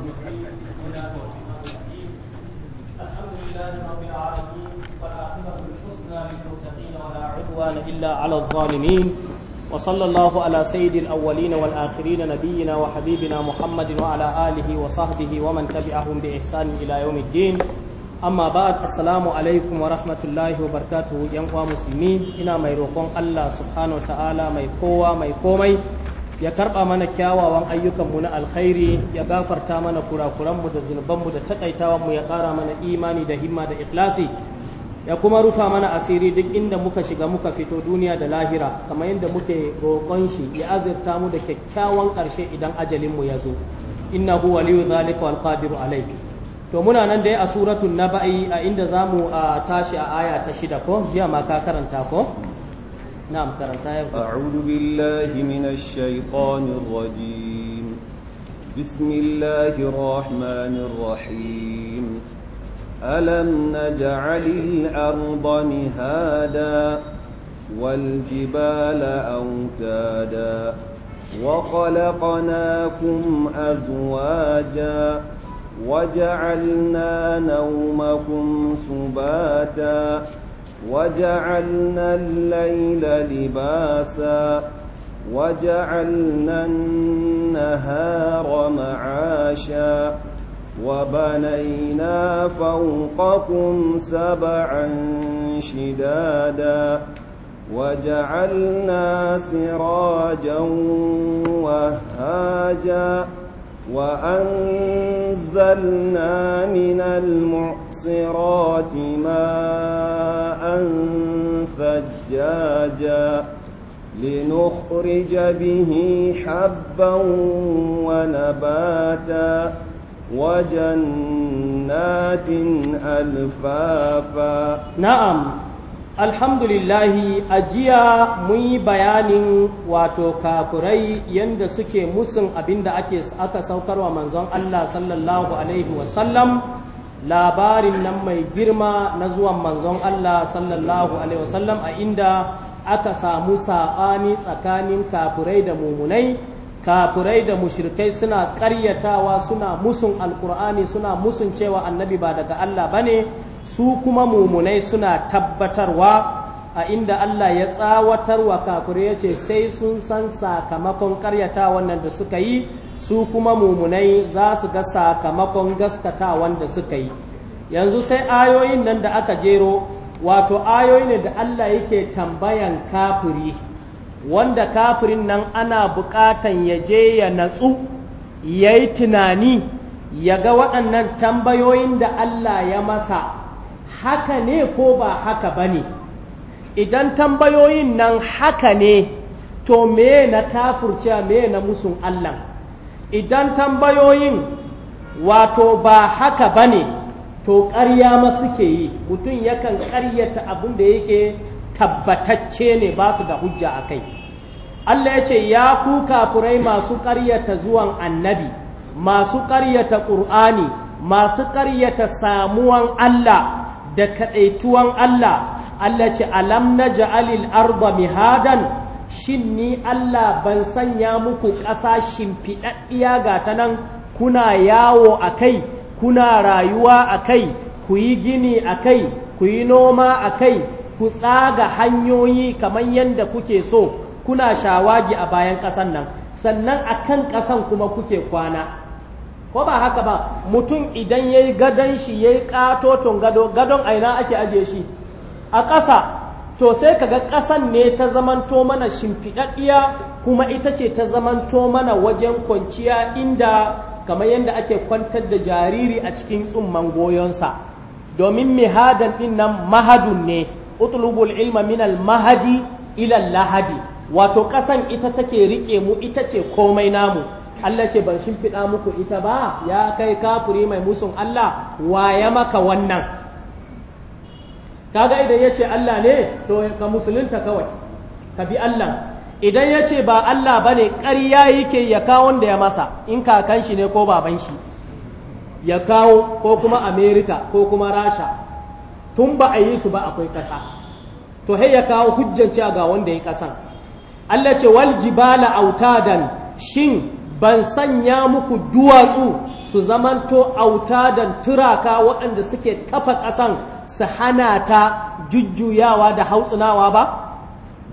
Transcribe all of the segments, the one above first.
بسم الله الرحمن الرحيم الحمد لله رب العالمين والعاقبة الحسنى للمتقين ولا عدوان إلا على الظالمين وصلى الله على سيد الأولين والآخرين نبينا وحبيبنا محمد وعلى آله وصحبه ومن تبعهم بإحسان إلى يوم الدين أما بعد السلام عليكم ورحمة الله وبركاته ينقى مسلمين إنا ميروقون الله سبحانه وتعالى ميقوى ميقومي ya karba mana kyawawan ayyukanmu na alkhairi ya gafarta mana kurakuranmu da zunubanmu da takaitawanmu ya kara mana imani da himma da ikhlasi ya kuma rufa mana asiri duk inda muka shiga muka fito duniya da lahira kamar yadda muke roƙon shi ya azirta mu da kyakkyawan ƙarshe idan ajalinmu ya zo inna hu waliyu zalika wal qadiru alayh to muna nan dai a suratul naba'i a inda zamu tashi a aya ta shida ko jiya ma ka karanta ko نعم ترى أعوذ بالله من الشيطان الرجيم بسم الله الرحمن الرحيم ألم نجعل الأرض مهادا والجبال أوتادا وخلقناكم أزواجا وجعلنا نومكم سباتا وجعلنا الليل لباسا وجعلنا النهار معاشا وبنينا فوقكم سبعا شدادا وجعلنا سراجا وهاجا وأنزلنا من المعصرات ماء ثجاجا لنخرج به حبا ونباتا وجنات ألفافا نعم alhamdulillahi a jiya mun yi bayanin wato kafurai yadda suke musun abinda ake aka saukarwa manzon Allah sallallahu alaihi wasallam labarin nan mai girma na zuwan manzon Allah sallallahu alaihi wasallam a inda aka samu saɓani tsakanin kafurai da mumunai kafirai da mushrikai suna ƙaryatawa suna musun alkur'ani suna musun cewa annabi ba daga Allah ba ne su kuma mumunai suna tabbatarwa a inda Allah ya tsawatarwa wa kafirai ya ce sai sun san sakamakon ƙaryata wannan da suka yi su kuma mumunai za su ga sakamakon gaskata wanda suka yi yanzu sai ayoyin nan da aka jero wato ayoyi ne da Allah yake tambayan kafiri wanda kafirin nan ana buƙatan ya je ya natsu ya yi tunani ya ga waɗannan tambayoyin da Allah ya masa haka ne ko ba haka ba ne idan tambayoyin nan haka ne to me na kafirce me na musun Allah idan tambayoyin wato ba haka ba ne to ƙarya ma ke yi mutum yakan ƙaryata abin da yake tabbatacce ne ba su da hujja a kai Allah ya ce ya ku kafurai masu ƙaryata zuwan annabi masu ƙaryata ƙur'ani masu ƙaryata samuwan Allah da kaɗaituwan Allah Allah ce alam na ja'alil arba mihadan shin ni Allah ban sanya muku ƙasa shimfiɗaɗɗiya ga ta nan kuna yawo a kai kuna rayuwa a kai ku yi gini a kai ku yi noma a kai ku tsaga hanyoyi kamar yadda kuke so kuna shawagi a bayan ƙasan nan sannan a kan ƙasan kuma kuke kwana ko ba haka ba mutum idan ya yi gadon shi ya yi ƙatoton gado gadon aina ake ajiye shi a ƙasa to sai kaga ƙasan ne ta zamanto mana shimfiɗaɗɗiya kuma ita ce ta zamanto mana wajen kwanciya inda kamar yadda ake kwantar da jariri a cikin tsumman goyonsa domin mihadan ɗin nan mahadun ne utlubul ilma minal mahadi ilal lahadi wato ƙasan ita take rike mu ita ce komai namu Allah ce ban shimfiɗa muku ita ba ya kai kafuri mai musun Allah ya maka wannan kaga idan yace Allah ne to ka musulunta kawai ka bi Allah idan yace ba Allah bane ƙarya yake ya kawo da ya masa in kakan shi ne ko baban shi ya kawo ko kuma amerika ko kuma rasha tun ba a yi su ba akwai ƙasa to hai ya kawo hujjanci ga wanda ya ƙasan Allah ce wal jibala autadan shin ban sanya muku duwatsu su zamanto autadan turaka waɗanda suke kafa ƙasan su hana ta jujjuyawa da hautsunawa ba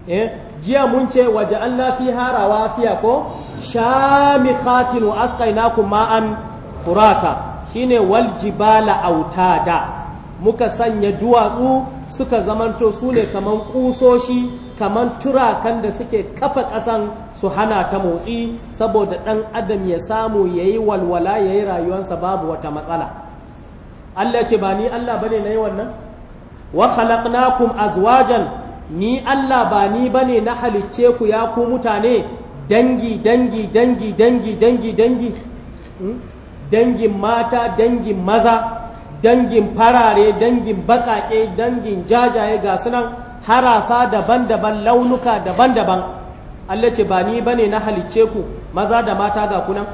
eh jiya mun ce waje Allah fi harawa siya ko shamikhatin wa asqainakum ma'an furata shine wal jibala autada muka sanya duwatsu suka zamanto su ne kaman kusoshi kaman turakan da suke kafa ƙasan su hana ta motsi saboda ɗan adam ya samu ya yi walwala ya yi rayuwarsa babu wata matsala Allah ce ba ni Allah ba ne na yi wannan wa khalaqnakum azwajan ni Allah ba ni ba ne na halicce ku ya ku mutane dangi dangi dangi dangi dangi dangi hmm? dangin mata dangin maza dangin farare dangin baƙaƙe dangin jajaye ga sunan harasa daban-daban launuka daban-daban Allah ce ba ni bane na halicce ku maza da mata ga kunan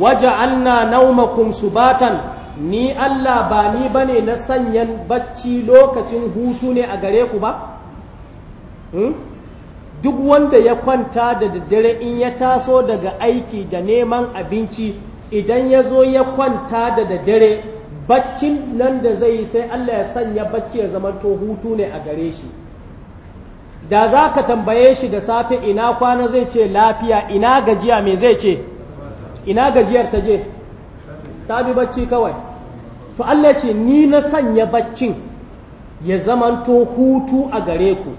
anna naumakum subatan ni Allah ba ni bane na sanyan bacci lokacin hutu ne a gare ku ba hmm? duk wanda ya kwanta da daddare in ya taso daga aiki da neman abinci idan ya zo ya kwanta da daddare baccin nan da zai yi sai Allah ya sanya bacci ya zamanto hutu ne a gare shi da za ka tambaye shi da safe ina kwana zai ce lafiya ina gajiya me zai ce ina gajiyar ta je ta bi bacci kawai to Allah ce ni na sanya baccin ya zamanto hutu a gare ku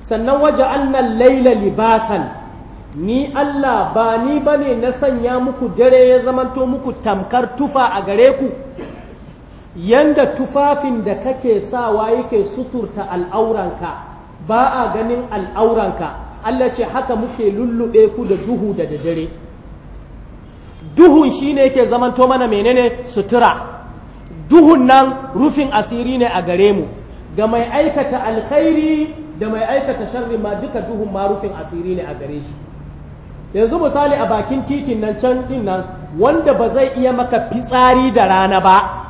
sannan waje annan laila libasan ni Allah ba ni bane na sanya muku dare ya zamanto muku tamkar tufa a gare ku yanda tufafin da kake sawa yake suturta al'auranka ba a ganin al'auranka Allah ce haka muke lullube ku da duhu da dare duhun shine yake zamanto mana menene sutura duhun nan rufin asiri ne a gare mu ga mai aikata alkhairi da mai aikata sharri ma duka duhun ma rufin asiri ne a gare shi yanzu misali a bakin titin nan can din nan wanda ba zai iya maka fitsari da rana ba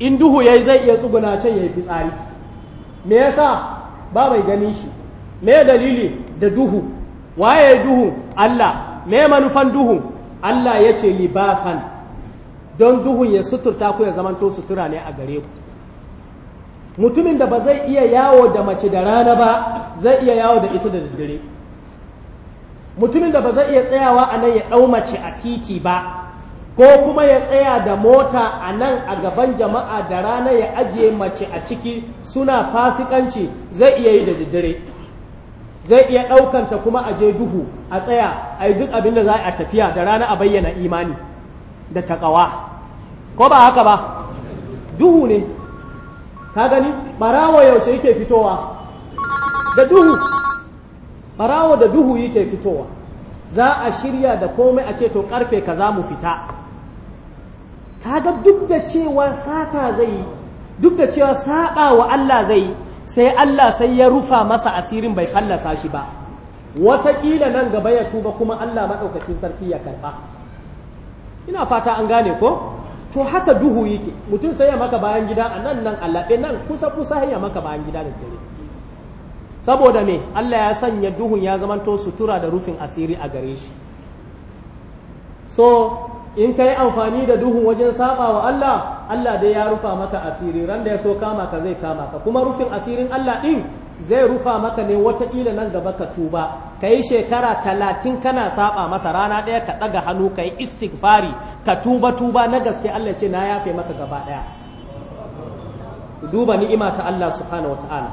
in duhu ya yi zai iya tsuguna can ya yi fitsari me ya sa, ba mai gani shi me dalili da duhu waye duhu Allah me manufan duhu Allah ya ce libasan don duhun ya suturta ku ya zamanto sutura ne a gare ku mutumin da ba zai iya yawo da mace da rana ba zai iya yawo da ita da daddare mutumin da ba zai iya tsayawa a nan ya ɗau mace a titi ba ko kuma ya tsaya da mota a nan a gaban jama'a da rana ya ajiye mace a ciki suna fasikanci zai iya yi da daddare zai iya ɗaukanta kuma a je duhu a tsaya a yi duk abin da za a tafiya da rana a bayyana imani da takawa ko ba haka ba duhu ne ka gani ɓarawo yaushe yake fitowa da duhu ɓarawo da duhu yake fitowa za a shirya da komai a ce to karfe za mu fita kaga duk da cewa sata zai duk da cewa saba wa Allah zai sai Allah sai ya rufa masa asirin bai fallasa shi ba wataƙila nan gaba ya tuba kuma Allah maɗaukakin sarki ya karɓa ina fata an gane ko to haka duhu yake mutum sai ya maka bayan gida a nan nan allaɓe nan kusa kusa ya maka bayan gida da dare saboda me Allah ya sanya duhun ya zamanto sutura da rufin asiri a gare shi so in ka yi amfani da duhun wajen saba wa Allah Allah dai ya rufa maka asiri ran da ya so kama ka zai kama ka kuma rufin asirin Allah din zai rufa maka ne wataƙila nan gaba ka tuba ka yi shekara talatin kana saba masa rana ɗaya ka ɗaga hannu ka yi istighfari ka tuba tuba na gaske Allah ce na yafe maka gaba ɗaya duba ni'ima ta Allah subhanahu wata'ala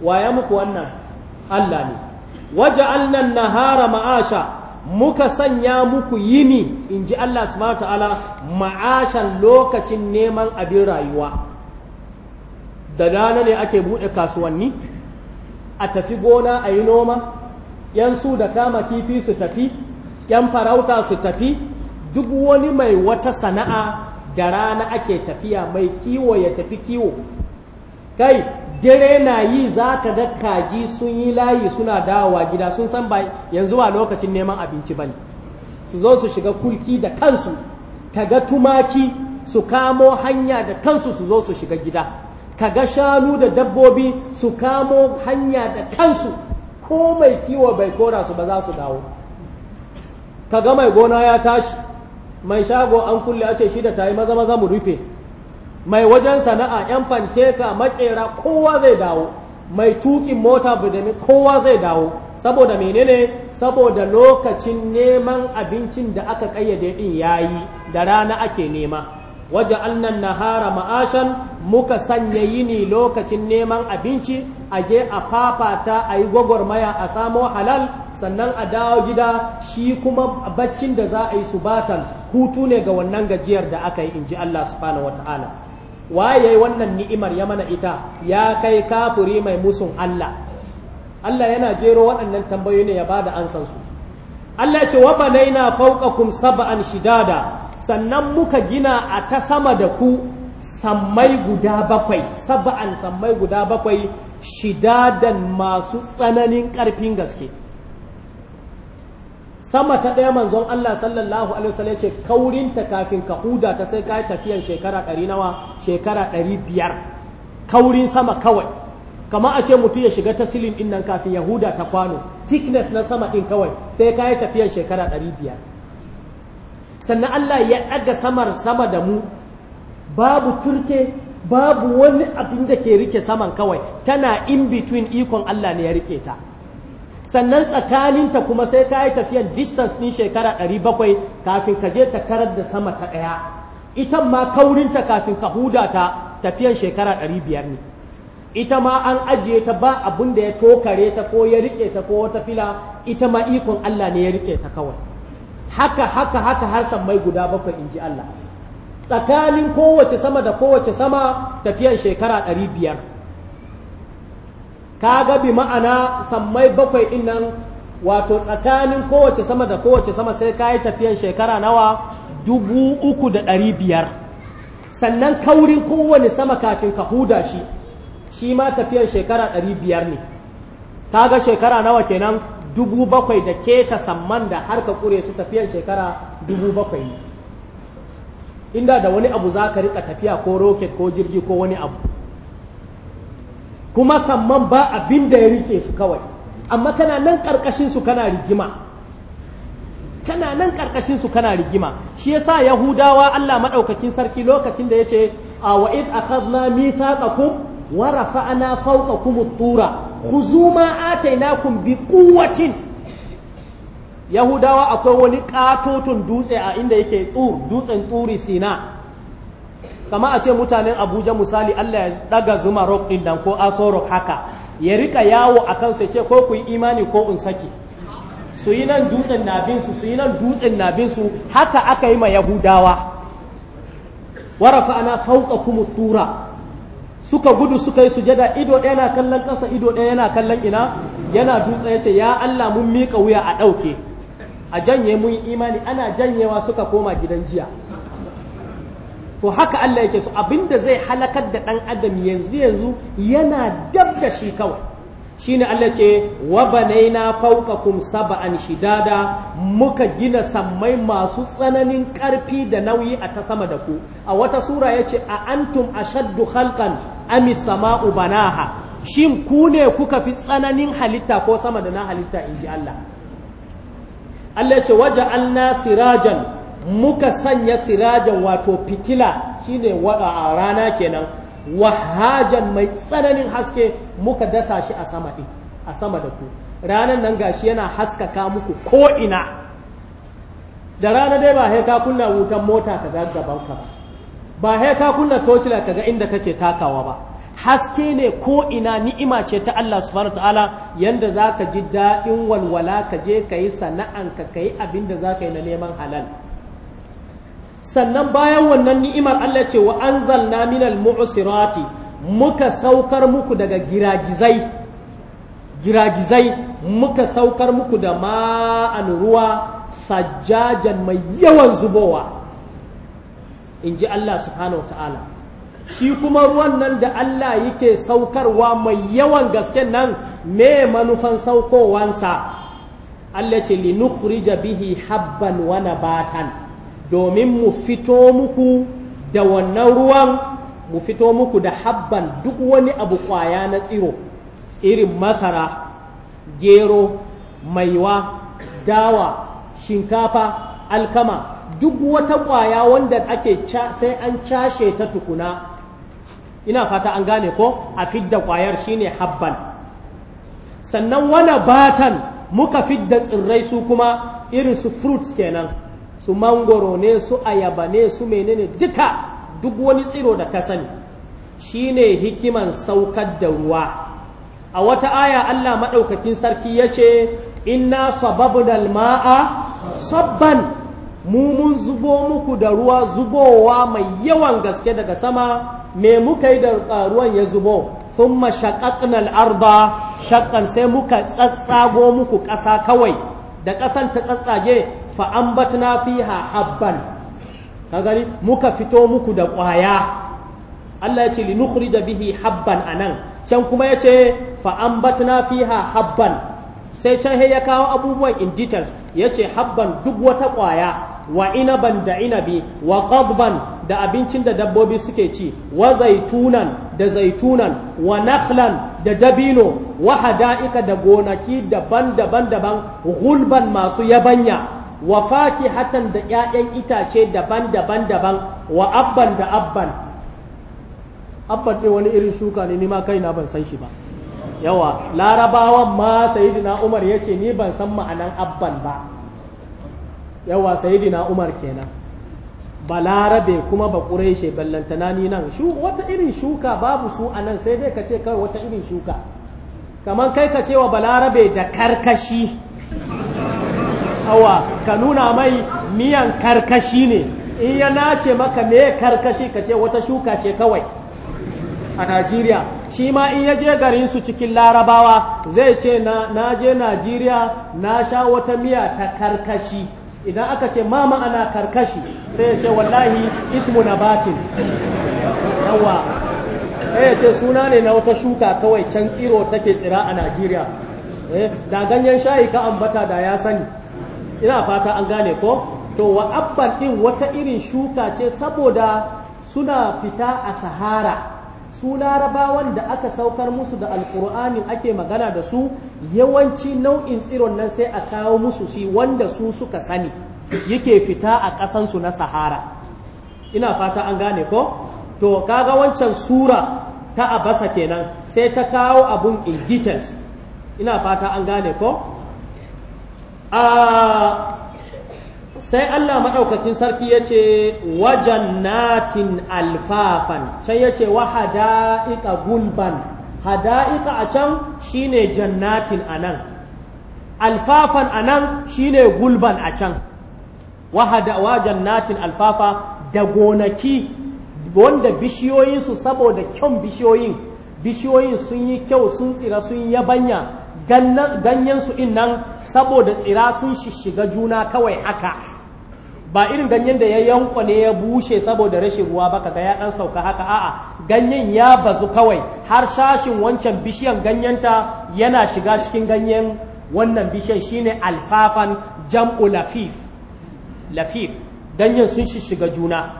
wa ya muku wannan Allah ne waja'alna an-nahara ma'asha muka sanya muku yini in ji Allah subhanahu ta'ala ma'ashan lokacin neman abin rayuwa da rana ne ake buɗe kasuwanni a tafi gona a yi noma yan su da kama kifi su tafi yan farauta su tafi duk wani mai wata sana'a da rana ake tafiya mai kiwo ya tafi kiwo kai dare na yi za ka ga kaji sun yi layi suna dawowa gida sun san ba yanzu a lokacin neman abinci ba ne su zo su shiga kulki da kansu ka ga tumaki su kamo hanya da kansu su zo su shiga gida ka ga shanu da dabbobi su kamo hanya da kansu ko mai kiwo bai kora su ba za su dawo ka ga mai gona ya tashi mai shago an kulle a ce shi da ta yi maza maza mu rufe mai wajen sana'a yan fanteka makera kowa zai dawo mai tukin mota budami kowa zai dawo saboda menene saboda lokacin neman abincin da aka kayyade din yayi da rana ake nema waje annan nahara ma'ashan muka sanya yini lokacin neman abinci a ge a fafata a yi gwagwarmaya a samo halal sannan a dawo gida shi kuma baccin da za a yi su subatan hutu ne ga wannan gajiyar da aka yi in ji Allah subhanahu wa ta'ala waye yayi wannan ni'imar ya mana ita ya kai kafuri mai musun Allah Allah yana jero waɗannan tambayoyi ne ya bada ansan su Allah ce wa banaina fawqakum sab'an shidada sannan muka gina a ta sama da ku sammai guda bakwai sab'an sammai guda bakwai shidadan masu tsananin ƙarfin gaske sama ta ɗaya manzon Allah sallallahu alaihi wasallam ya ce ta kafin ka huda ta sai ka yi tafiyan shekara ɗari nawa shekara ɗari biyar kaurin sama kawai kama a ce mutum ya shiga ta silin ɗin nan kafin ya huda ta kwano thickness na sama ɗin kawai sai ka yi tafiyan shekara ɗari biyar sannan Allah ya ɗaga samar sama da mu babu turke babu wani abin da ke rike saman kawai tana in between ikon Allah ne ya rike ta sannan tsakaninta kuma sai ka yi tafiyan distance ɗin shekara 700 kafin ka je ta karar da sama ta ɗaya ita ma kaurinta kafin ka huda ta tafiyan shekara 500 ne ita ma an ajiye ta ba abin da ya tokare ta ko ya rike ta ko wata fila ita ma ikon Allah ne ya rike ta kawai haka haka haka har sammai guda bakwai in ji Allah tsakanin kowace sama da kowace sama tafiyan shekara 500 Ka ga bi ma'ana sammai bakwai din nan wato tsakanin kowace sama da kowace sama sai ka yi tafiyan shekara nawa dubu uku da ɗari biyar sannan kaurin kowane sama kafin ka huda shi shi ma tafiyan shekara ɗari biyar ne ga shekara nawa kenan dubu bakwai da keta samman da har ka ƙure su tafiyan shekara dubu bakwai ne inda da wani abu za ka riƙa tafiya ko roket ko jirgi ko wani abu kuma samman ba abin da ya rike su kawai amma kana nan karkashin su kana rigima kana nan karkashin su kana rigima shi yasa yahudawa Allah madaukakin sarki lokacin da yace a wa id akhadna mithaqakum wa rafa'na fawqakum at-tura khuzu ma ataynakum bi quwwatin yahudawa akwai wani katotun dutse a inda yake tur dutsen turi sina kama a ce mutanen abuja misali allah ya daga zuma rock din dan ko aso rock haka ya rika yawo a kansu ce ko ku yi imani ko in saki su yi nan dutsen nabinsu su yi nan dutsen nabinsu haka aka yi ma yahudawa warafa ana fauka kuma tura suka gudu suka yi sujada ido ɗaya na kallon ƙasa ido ɗaya yana kallon ina yana dutse ya ce ya allah mun mika wuya a ɗauke a janye mun imani ana janyewa suka koma gidan jiya to haka Allah yake so abinda zai halakar da ɗan adam yanzu yanzu yana dab da shi kawai shine Allah ce wa banaina fawqakum sab'an shidada muka gina sammai masu tsananin ƙarfi da nauyi a ta sama da ku a wata sura yace a antum ashaddu khalqan ami samau banaha shin ku ne kuka fi tsananin halitta ko sama da na halitta inji Allah Allah ce waje alna sirajan muka sanya sirajan wato fitila shine wada a rana kenan wahajan mai tsananin haske muka dasa shi a sama din a sama da ku ranan nan gashi yana haskaka muku ko ina da rana dai ba sai ka kunna wutan mota ka ga gaban ka ba sai ka kunna tocila ka ga inda kake takawa ba haske ne ko ina ni'ima ce ta Allah subhanahu ta'ala yanda zaka ji daɗin walwala ka je ka yi sana'anka ka yi abinda da zaka yi na neman halal sannan bayan wannan ni'imar Allah ce wa anzalna minal mu'sirati muka saukar muku daga giragizai giragizai muka saukar muku da ma'an ruwa sajjajan mai yawan zubowa in ji Allah subhanahu wa ta'ala shi kuma ruwan nan da Allah yake saukarwa mai yawan gaske nan me manufan saukowansa Allah ce linukhrija bihi habban wa nabatan domin mu fito muku da wannan ruwan mu fito muku da habban duk wani abu kwaya na tsiro irin masara gero maiwa dawa shinkafa alkama duk wata kwaya wanda ake sai an cashe ta tukuna ina fata an gane ko a fidda kwayar shine habban sannan wani batan muka fidda tsirrai su kuma irin su fruits kenan su mangoro ne su ayaba ne su menene duka duk wani tsiro da ka sani ne hikiman saukar da ruwa a wata aya Allah maɗaukakin sarki ya ce inna sababnal ma'a sabban mu mun zubo muku da ruwa zubowa mai yawan gaske daga sama me muka yi da ruwan ya zubo sun mashaƙaƙnal arba shakkan sai muka tsatsago muku ƙasa kawai da ƙasan ta tsatsage fa'ambat fiha fi ka gani muka fito muku da ƙwaya Allah ya ce li da bihi a nan can kuma ya ce fi ha habban sai can ya kawo abubuwan in details ya ce habban duk wata ƙwaya wa inaban da inabi wa qadban da abincin da dabbobi suke ci wa zaitunan da zaitunan wa nakhlan da dabino wa hada'ika da gonaki daban-daban daban gulban masu yabanya wa fakihatan da 'ya'yan itace daban-daban daban wa abban da abban abban ne wani irin shuka ne ni ma kaina ban san shi ba yawa larabawan ma sayidina umar ya ce ni ban san ma'anan abban ba yawa Sa'idina umar kenan balarabe kuma ba ƙureshe ballantana ni nan wata irin shuka babu su a nan sai dai ka ce kawai wata irin shuka kamar kai ka ce wa balarabe da karkashi awa ka nuna mai miyan karkashi ne in ya nace maka me karkashi ka ce wata shuka ce kawai a Najeriya shi ma in ya je garin su cikin larabawa zai ce na je Najeriya na sha wata miya ta karkashi idan aka ce ma ma'ana karkashi sai ya ce wallahi ismu na batin yawa sai ya ce suna ne na wata shuka kawai can tsiro take tsira a najeriya eh, da ganyen shayi ka ambata da ya sani ina fata an gane ko to wa abban din wata irin shuka ce saboda suna fita a sahara su larabawan da aka saukar musu da alkur'ani ake magana da su yawanci nau'in tsiron nan sai a kawo musu shi wanda su suka sani yake fita a ƙasansu na sahara ina fata an gane ko to kaga wancan sura ta abasa kenan sai ta kawo abun in details ina fata an gane ko ah, sai Allah maɗaukakin sarki ya ce natin alfafan can ya ce wa hada'iƙa gulban hada'iƙa a can shi shine jannatin a nan alfafan a nan shi ne gulban a can wa jannatin alfafa da gonaki wanda bishiyoyinsu saboda kyan bishiyoyin bishiyoyin sun yi kyau sun tsira sun yabanya ganyensu su in nan saboda tsira sun shishiga juna kawai haka ba irin ganyen da ya yanko ne ya bushe saboda rashin ruwa ba kaga ya dan sauka haka a'a ganyen ya bazu kawai har shashin wancan bishiyan ganyenta yana shiga cikin ganyen wannan bishiyan shine alfafan jam'u lafif lafif ganyen sun shishiga juna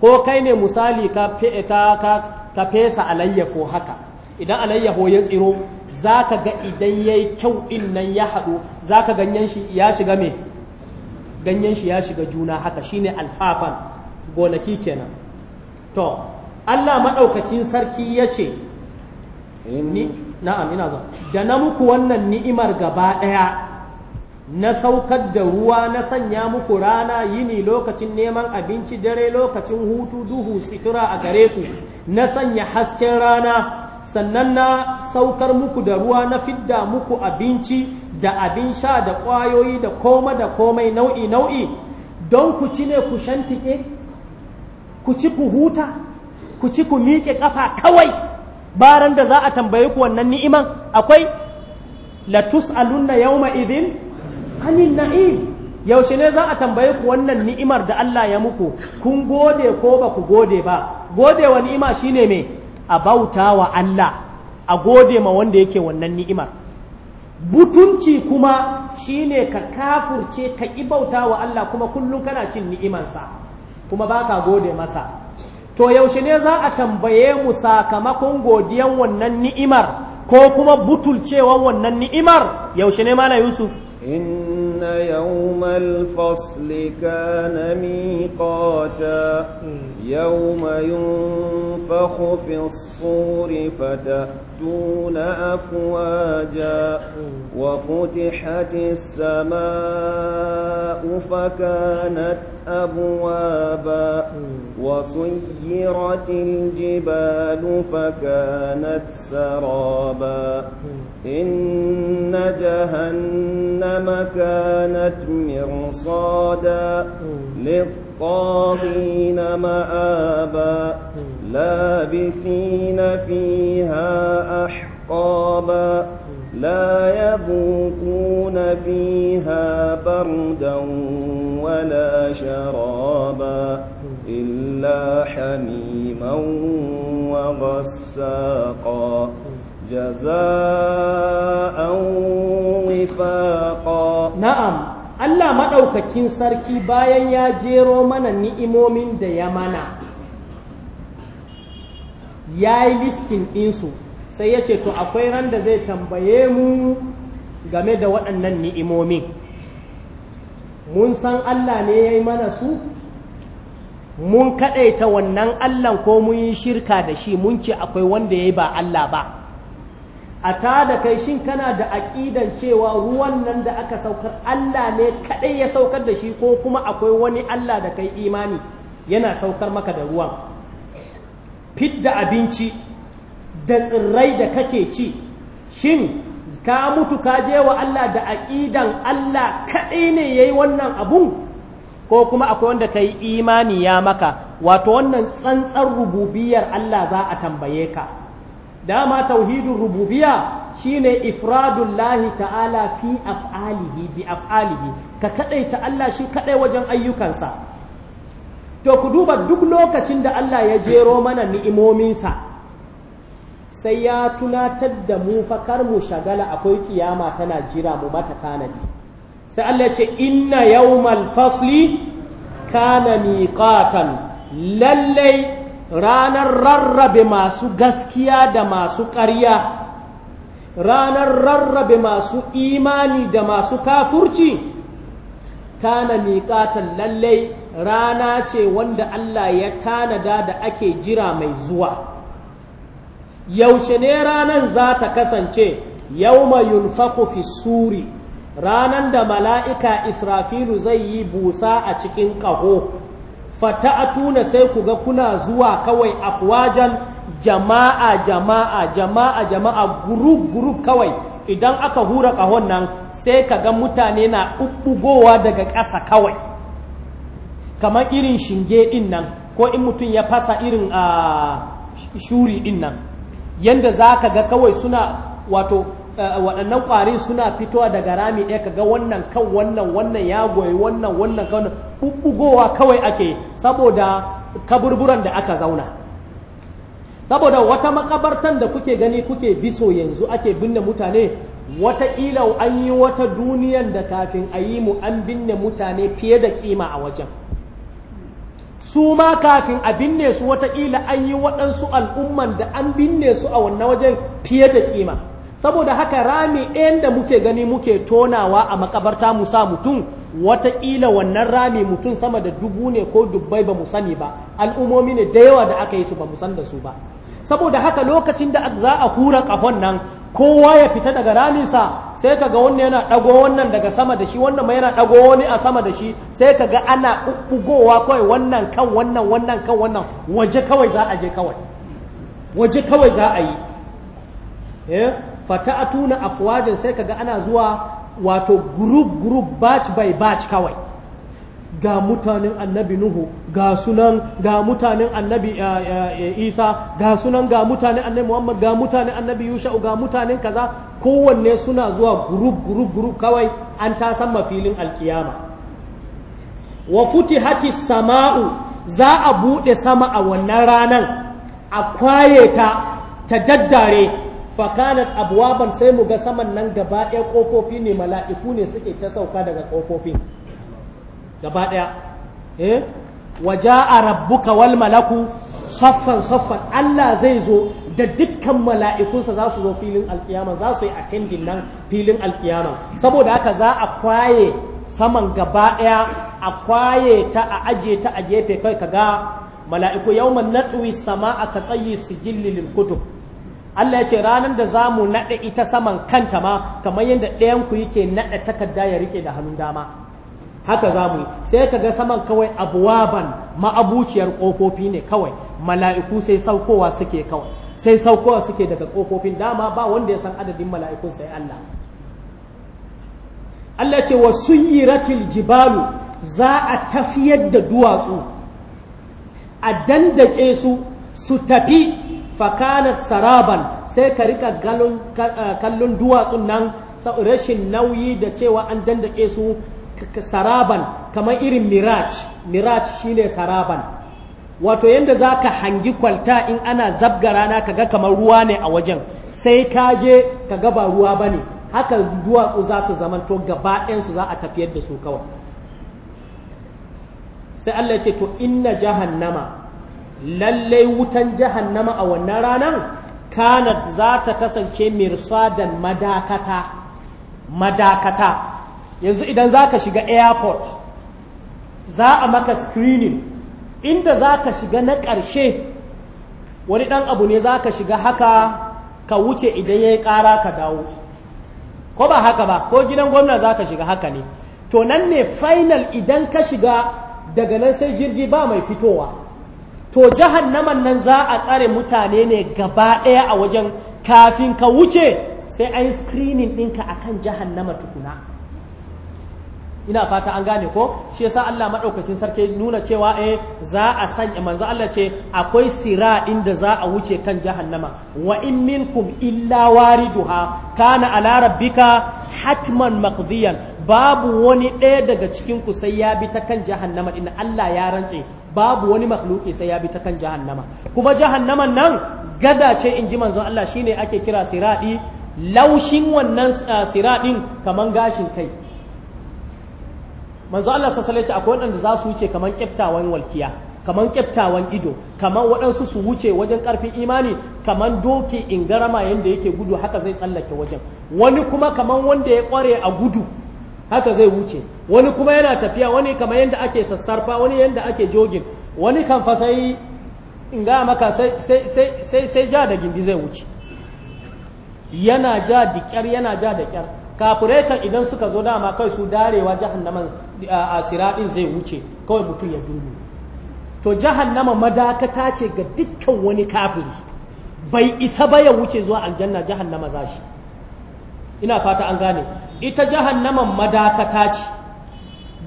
ko kai ne misali ka ka ka fesa alayyafo haka idan alayyaho ya tsiro za ka ga idan ya yi kyau in nan ya haɗu za ka ganyen shi ya shiga me ganyen shi ya shiga juna haka shine alfafan gonaki kenan to Allah maɗaukakin sarki ya ce na'am ina zo da na muku wannan ni'imar gaba ɗaya na saukar da ruwa na sanya muku rana yini lokacin neman abinci dare lokacin hutu duhu situra a gare ku na sanya hasken rana sannan na saukar muku da ruwa na fidda muku abinci da abin sha da ƙwayoyi da koma da komai nau'i nau'i don ku ci ne ku shantike ku ci ku huta ku ci ku miƙe ƙafa kawai baran da za a tambaye ku wannan ni'iman akwai latus alunna yawma idin anin na'im yaushe ne za a tambaye ku wannan ni'imar da Allah ya muku kun gode ko ba ku gode ba gode wa ni'ima shine me a bauta wa Allah a gode ma wanda yake wannan ni'imar butunci kuma shine ka kafurce ka bauta wa Allah kuma kullum kana cin ni'imarsa kuma baka gode masa to yaushe ne za a tambaye mu sakamakon godiyan wannan ni'imar ko kuma butulcewan wannan ni'imar yaushe ne mana Yusuf inna yawmal fasli kana miqata hmm. يوم ينفخ في الصور فتأتون أفواجا وفتحت السماء فكانت أبوابا وسيرت الجبال فكانت سرابا إن جهنم كانت مرصادا للطاغين مآبا لابثين فيها أحقابا لا يذوقون فيها بردا ولا شرابا إلا حميما وغساقا جزاء Allah maɗaukakin sarki bayan ya jero mana ni'imomin da ya mana ya yi listin ɗinsu sai ya ce to akwai ran da zai tambaye mu game da waɗannan ni'imomin mun san Allah ne ya yi mana su mun kaɗaita wannan Allahn ko mun yi shirka da shi mun ce akwai wanda ya yi ba Allah ba a ta da kai shin kana da aƙidan cewa ruwan nan da aka saukar Allah ne kaɗai ya saukar da shi ko kuma akwai wani Allah da kai imani yana saukar maka da ruwan fidda abinci da tsirrai da kake ci shin ka mutu ka je wa Allah da aƙidan Allah kaɗai ne ya yi wannan abun ko kuma akwai wanda ka yi imani ya maka wato wannan tsantsan rububiyar Allah za a tambaye ka dama tauhidin rububiya shine ifradullahi ta'ala fi af'alihi bi af'alihi ka kadaita Allah shi kadai wajen ayyukansa to ku duba duk lokacin da Allah ya jero mana ni'imominsa sai ya tunatar da mu fakar mu shagala akwai kiyama tana jira mu mata tanadi sai Allah ya ce inna yawmal fasli kana miqatan lallai ranar rarrabe masu gaskiya da masu ƙarya ranar rarrabe masu imani da masu kafurci tana miƙatan lallai rana ce wanda Allah ya tanada da ake jira mai zuwa yaushe ne ranan za ta kasance yauma yunfaku fi suri ranan da mala'ika israfilu zai yi busa a cikin ƙaho fata'atuna sai ku ga kuna zuwa kawai afwajan jama'a jama'a jama'a jama'a group group kawai idan aka hura kahon nan sai ka ga mutane na ubbugowa daga ƙasa kawai kamar irin shinge din nan ko in mutum ya fasa irin a ah, shuri din nan yanda za ka ga kawai suna wato waɗannan ƙwari suna fitowa daga rami ɗaya kaga wannan kan wannan wannan ya goyi wannan wannan kan bubbugowa kawai ake saboda kaburburan da aka zauna saboda wata makabartan da kuke gani kuke biso yanzu ake binne mutane ila an yi wata duniyan da kafin a yi mu an binne mutane fiye da kima a wajen su ma kafin a binne su wataƙila an yi waɗansu al'umman da an binne su a wannan wajen fiye da kima saboda haka rami ɗayan da muke gani muke tonawa a makabarta mu sa mutum watakila wannan rami mutum sama da dubu ne ko dubbai ba mu sani ba al'umomi ne da yawa da aka yi su ba mu san da su ba saboda haka lokacin da za a hura kafon nan kowa ya fita daga raminsa sai ka ga wannan yana ɗago wannan daga sama da shi wannan ma yana ɗago wani a sama da shi sai ka ga ana ɓuɓɓugowa kawai wannan kan wannan wannan kan wannan waje kawai za a je kawai waje kawai za a yi eh? fata'atuna afwajan sai kaga ana zuwa wato group group batch by batch kawai ga mutanen annabi nuhu ga sunan ga mutanen annabi eh, eh, eh, isa ga sunan ga mutanen annabi muhammad ga mutanen annabi yusha ga mutanen kaza kowanne suna zuwa group group group kawai an ta san filin alkiyama wa futihati sama'u za a bude sama a wannan ranan a ta, ta daddare fakanat abuwaban sai mu ga saman nan gaba ɗaya ƙofofi ne mala'iku ne suke ta sauka daga ƙofofin gaba ɗaya eh waja a rabbuka wal malaku saffan saffan Allah zai zo da dukkan mala'ikunsa za su zo filin alkiyama za su yi attending nan filin alkiyama saboda haka za a kwaye saman gaba ɗaya a kwaye ta a ajiye ta a gefe kai ga mala'iku yawman natwi sama ka tsayi sijilli lil kutub Allah ya ce ranar da za mu naɗa ita saman kanta ma kamar yadda ɗayanku yake naɗa takarda ya rike da hannun dama haka za mu yi sai ka ga saman kawai abuwaban ma'abuciyar ƙofofi ne kawai mala'iku sai saukowa suke kawai sai saukowa suke daga ƙofofin dama ba wanda ya san adadin mala'ikun sai Allah Allah ce wa suyiratil jibalu za a tafiyar da duwatsu a dandake su su tafi fakanat saraban sai ka rika kallon duwatsun nan rashin nauyi da cewa an dandake su saraban kamar irin miraj miraj shine saraban wato yadda za ka hangi kwalta in ana zabga rana kaga kamar ruwa ne a wajen sai ka je ka ba ruwa ba ne haka duwatsu za su zamanto gaba ɗayansu za a tafiyar da su kawai sai Allah ya ce to inna jahannama lallai wutan jahannama na wannan ranan kanat za ta kasance mirsadan madakata madakata yanzu idan za ka shiga airport za a maka screening inda za ka shiga na ƙarshe wani ɗan abu ne za ka shiga haka ka wuce idan ya yi ƙara ka dawo ko ba haka ba ko gidan gwamna za ka shiga haka ne to nan ne final idan ka shiga daga nan sai jirgi ba mai fitowa to jahannaman nan za a tsare mutane ne gaba ɗaya a wajen kafin ka wuce sai an yi screening ɗinka a kan jahannama tukuna ina fata an gane ko shi yasa Allah maɗaukakin sarki nuna cewa eh za a sanya manzo Allah ce akwai sira inda za a wuce kan jahannama wa in minkum illa wariduha kana ala rabbika hatman maqdiyan babu wani ɗaya daga cikin ku sai ya bi ta kan nama din Allah ya rantse babu wani makhluki sai ya bi ta kan jahannama kuma jahannaman nan gada ce in ji manzon Allah shine ake kira siradi laushin wannan siradin kaman gashin kai manzon Allah sallallahu alaihi akwai wanda za su wuce kaman kyaftawan walkiya kaman kyaftawan ido kaman waɗansu su wuce wajen karfin imani kaman doki in garama yanda yake gudu haka zai tsallake wajen wani kuma kaman wanda ya kware a gudu haka zai wuce wani kuma yana tafiya wani kamar yadda ake sassarfa wani yadda ake jogin wani kan fa sai in ga maka sai sai ja da gindi zai wuce yana ja da kyar yana ja da kyar kafuretar idan suka zo dama kai su darewa jahannaman a siraɗin zai wuce kawai mutum ya dubu to jahannama madakata ce ga dukkan wani kafiri bai isa ba ya wuce zuwa aljanna jahannama za shi ina fata an gane ita jahannaman madakata ce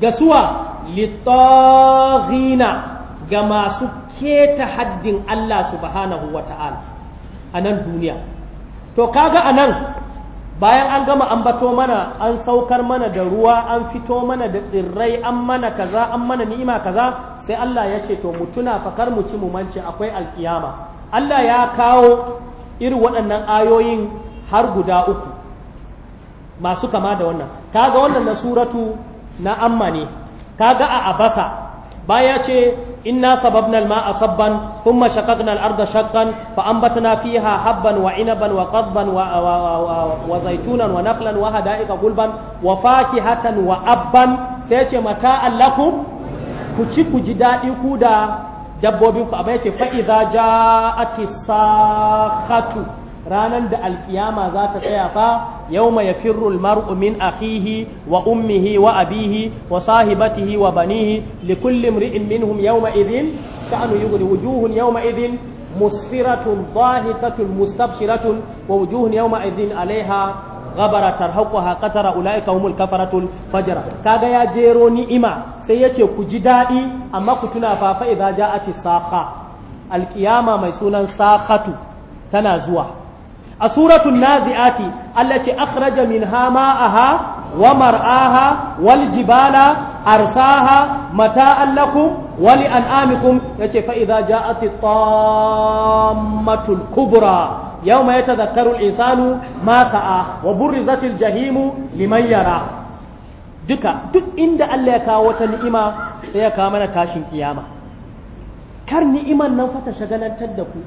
ga suwa littaghina ga masu keta haddin Allah subhanahu wa ta'ala a nan duniya to kaga a nan bayan an gama an bato mana an saukar mana da ruwa an fito mana da tsirrai an mana kaza an mana ni'ima kaza sai Allah ya ce to mutuna tuna fakar mu ci mu mance akwai alkiyama Allah ya kawo irin waɗannan ayoyin har guda uku masu kama da wannan kaga wannan na suratu na amma ne kaga a abasa baya ce inna sababna al-ma'a thumma shaqaqna al-arda shaqqan fa anbatna fiha habban wa inaban wa qadban wa wa zaytunan wa nakhlan wa gulban wa fakihatan wa abban sai ce mata allaku ku ci ku ji dadi ku da ku amma ce fa idza ja'ati sakhatu ranar da alkiyama za ta tsaya fa yauma yafirru almar'u min akhihi wa ummihi wa abihi wa sahibatihi wa banihi likulli imri'in minhum yawma idhin sha'nu yughni wujuhun yawma idhin musfiratun dhahikatun mustabshiratun wa wujuhun yawma idhin 'alayha ghabara tarhaquha qatara ulaika humul kafaratul fajra kaga ya jero ni'ima sai yace ku ji dadi amma ku tuna fa fa idza ja'ati saqa alqiyama mai sunan saqatu tana zuwa a suratun nazi'ati Allah ce akhraja minha ma'aha wa mar'aha wal jibala arsaha mata lakum wali an an'amikum yace ce fa'iza ja'ati at-tammatul kubra yau yatadhakkaru al-insanu ma sa'a wa burrizatil jahimu limayyara duka duk inda Allah ya kawo wata ni'ima sai ya kawo mana tashin kiyama kar ni'iman nan fata ta shagalantar da ku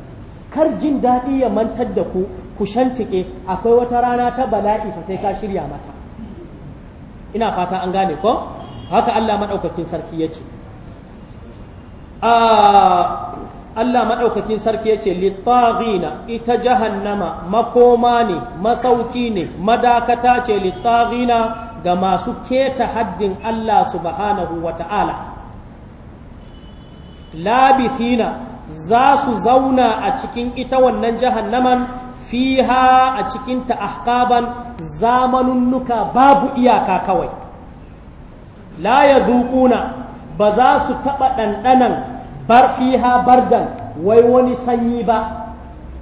kar jin daɗi ya mantar da ku ku shantike akwai wata rana ta bala'i fa sai ka shirya mata ina fata an gane ko haka Allah maɗaukakin sarki ya ce Allah maɗaukakin sarki ya ce ita jahannama makoma ne masauki ne madakata ce littagina ga masu keta haddin Allah subhanahu wa ta'ala labithina za su zauna a cikin ita wannan jahannaman fiha a cikin ta ahqaban zamanunnuka babu iyaka kawai la yaduquna ba za su taɓa dandanan bar fiha bardan wai wani sanyi ba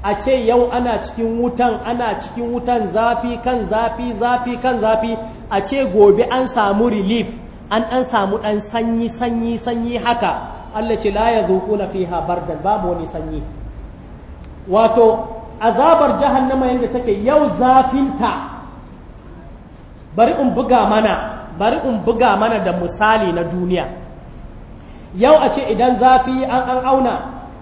a ce yau ana cikin wutan ana cikin wutan zafi kan zafi zafi kan zafi a ce gobe an samu relief an dan samu dan sanyi sanyi sanyi haka Allah ce la fi fiha da babu wani sanyi wato azabar jahannama yanda take yau zafinta bari in buga mana bari in buga mana da misali na duniya yau a ce idan zafi an an auna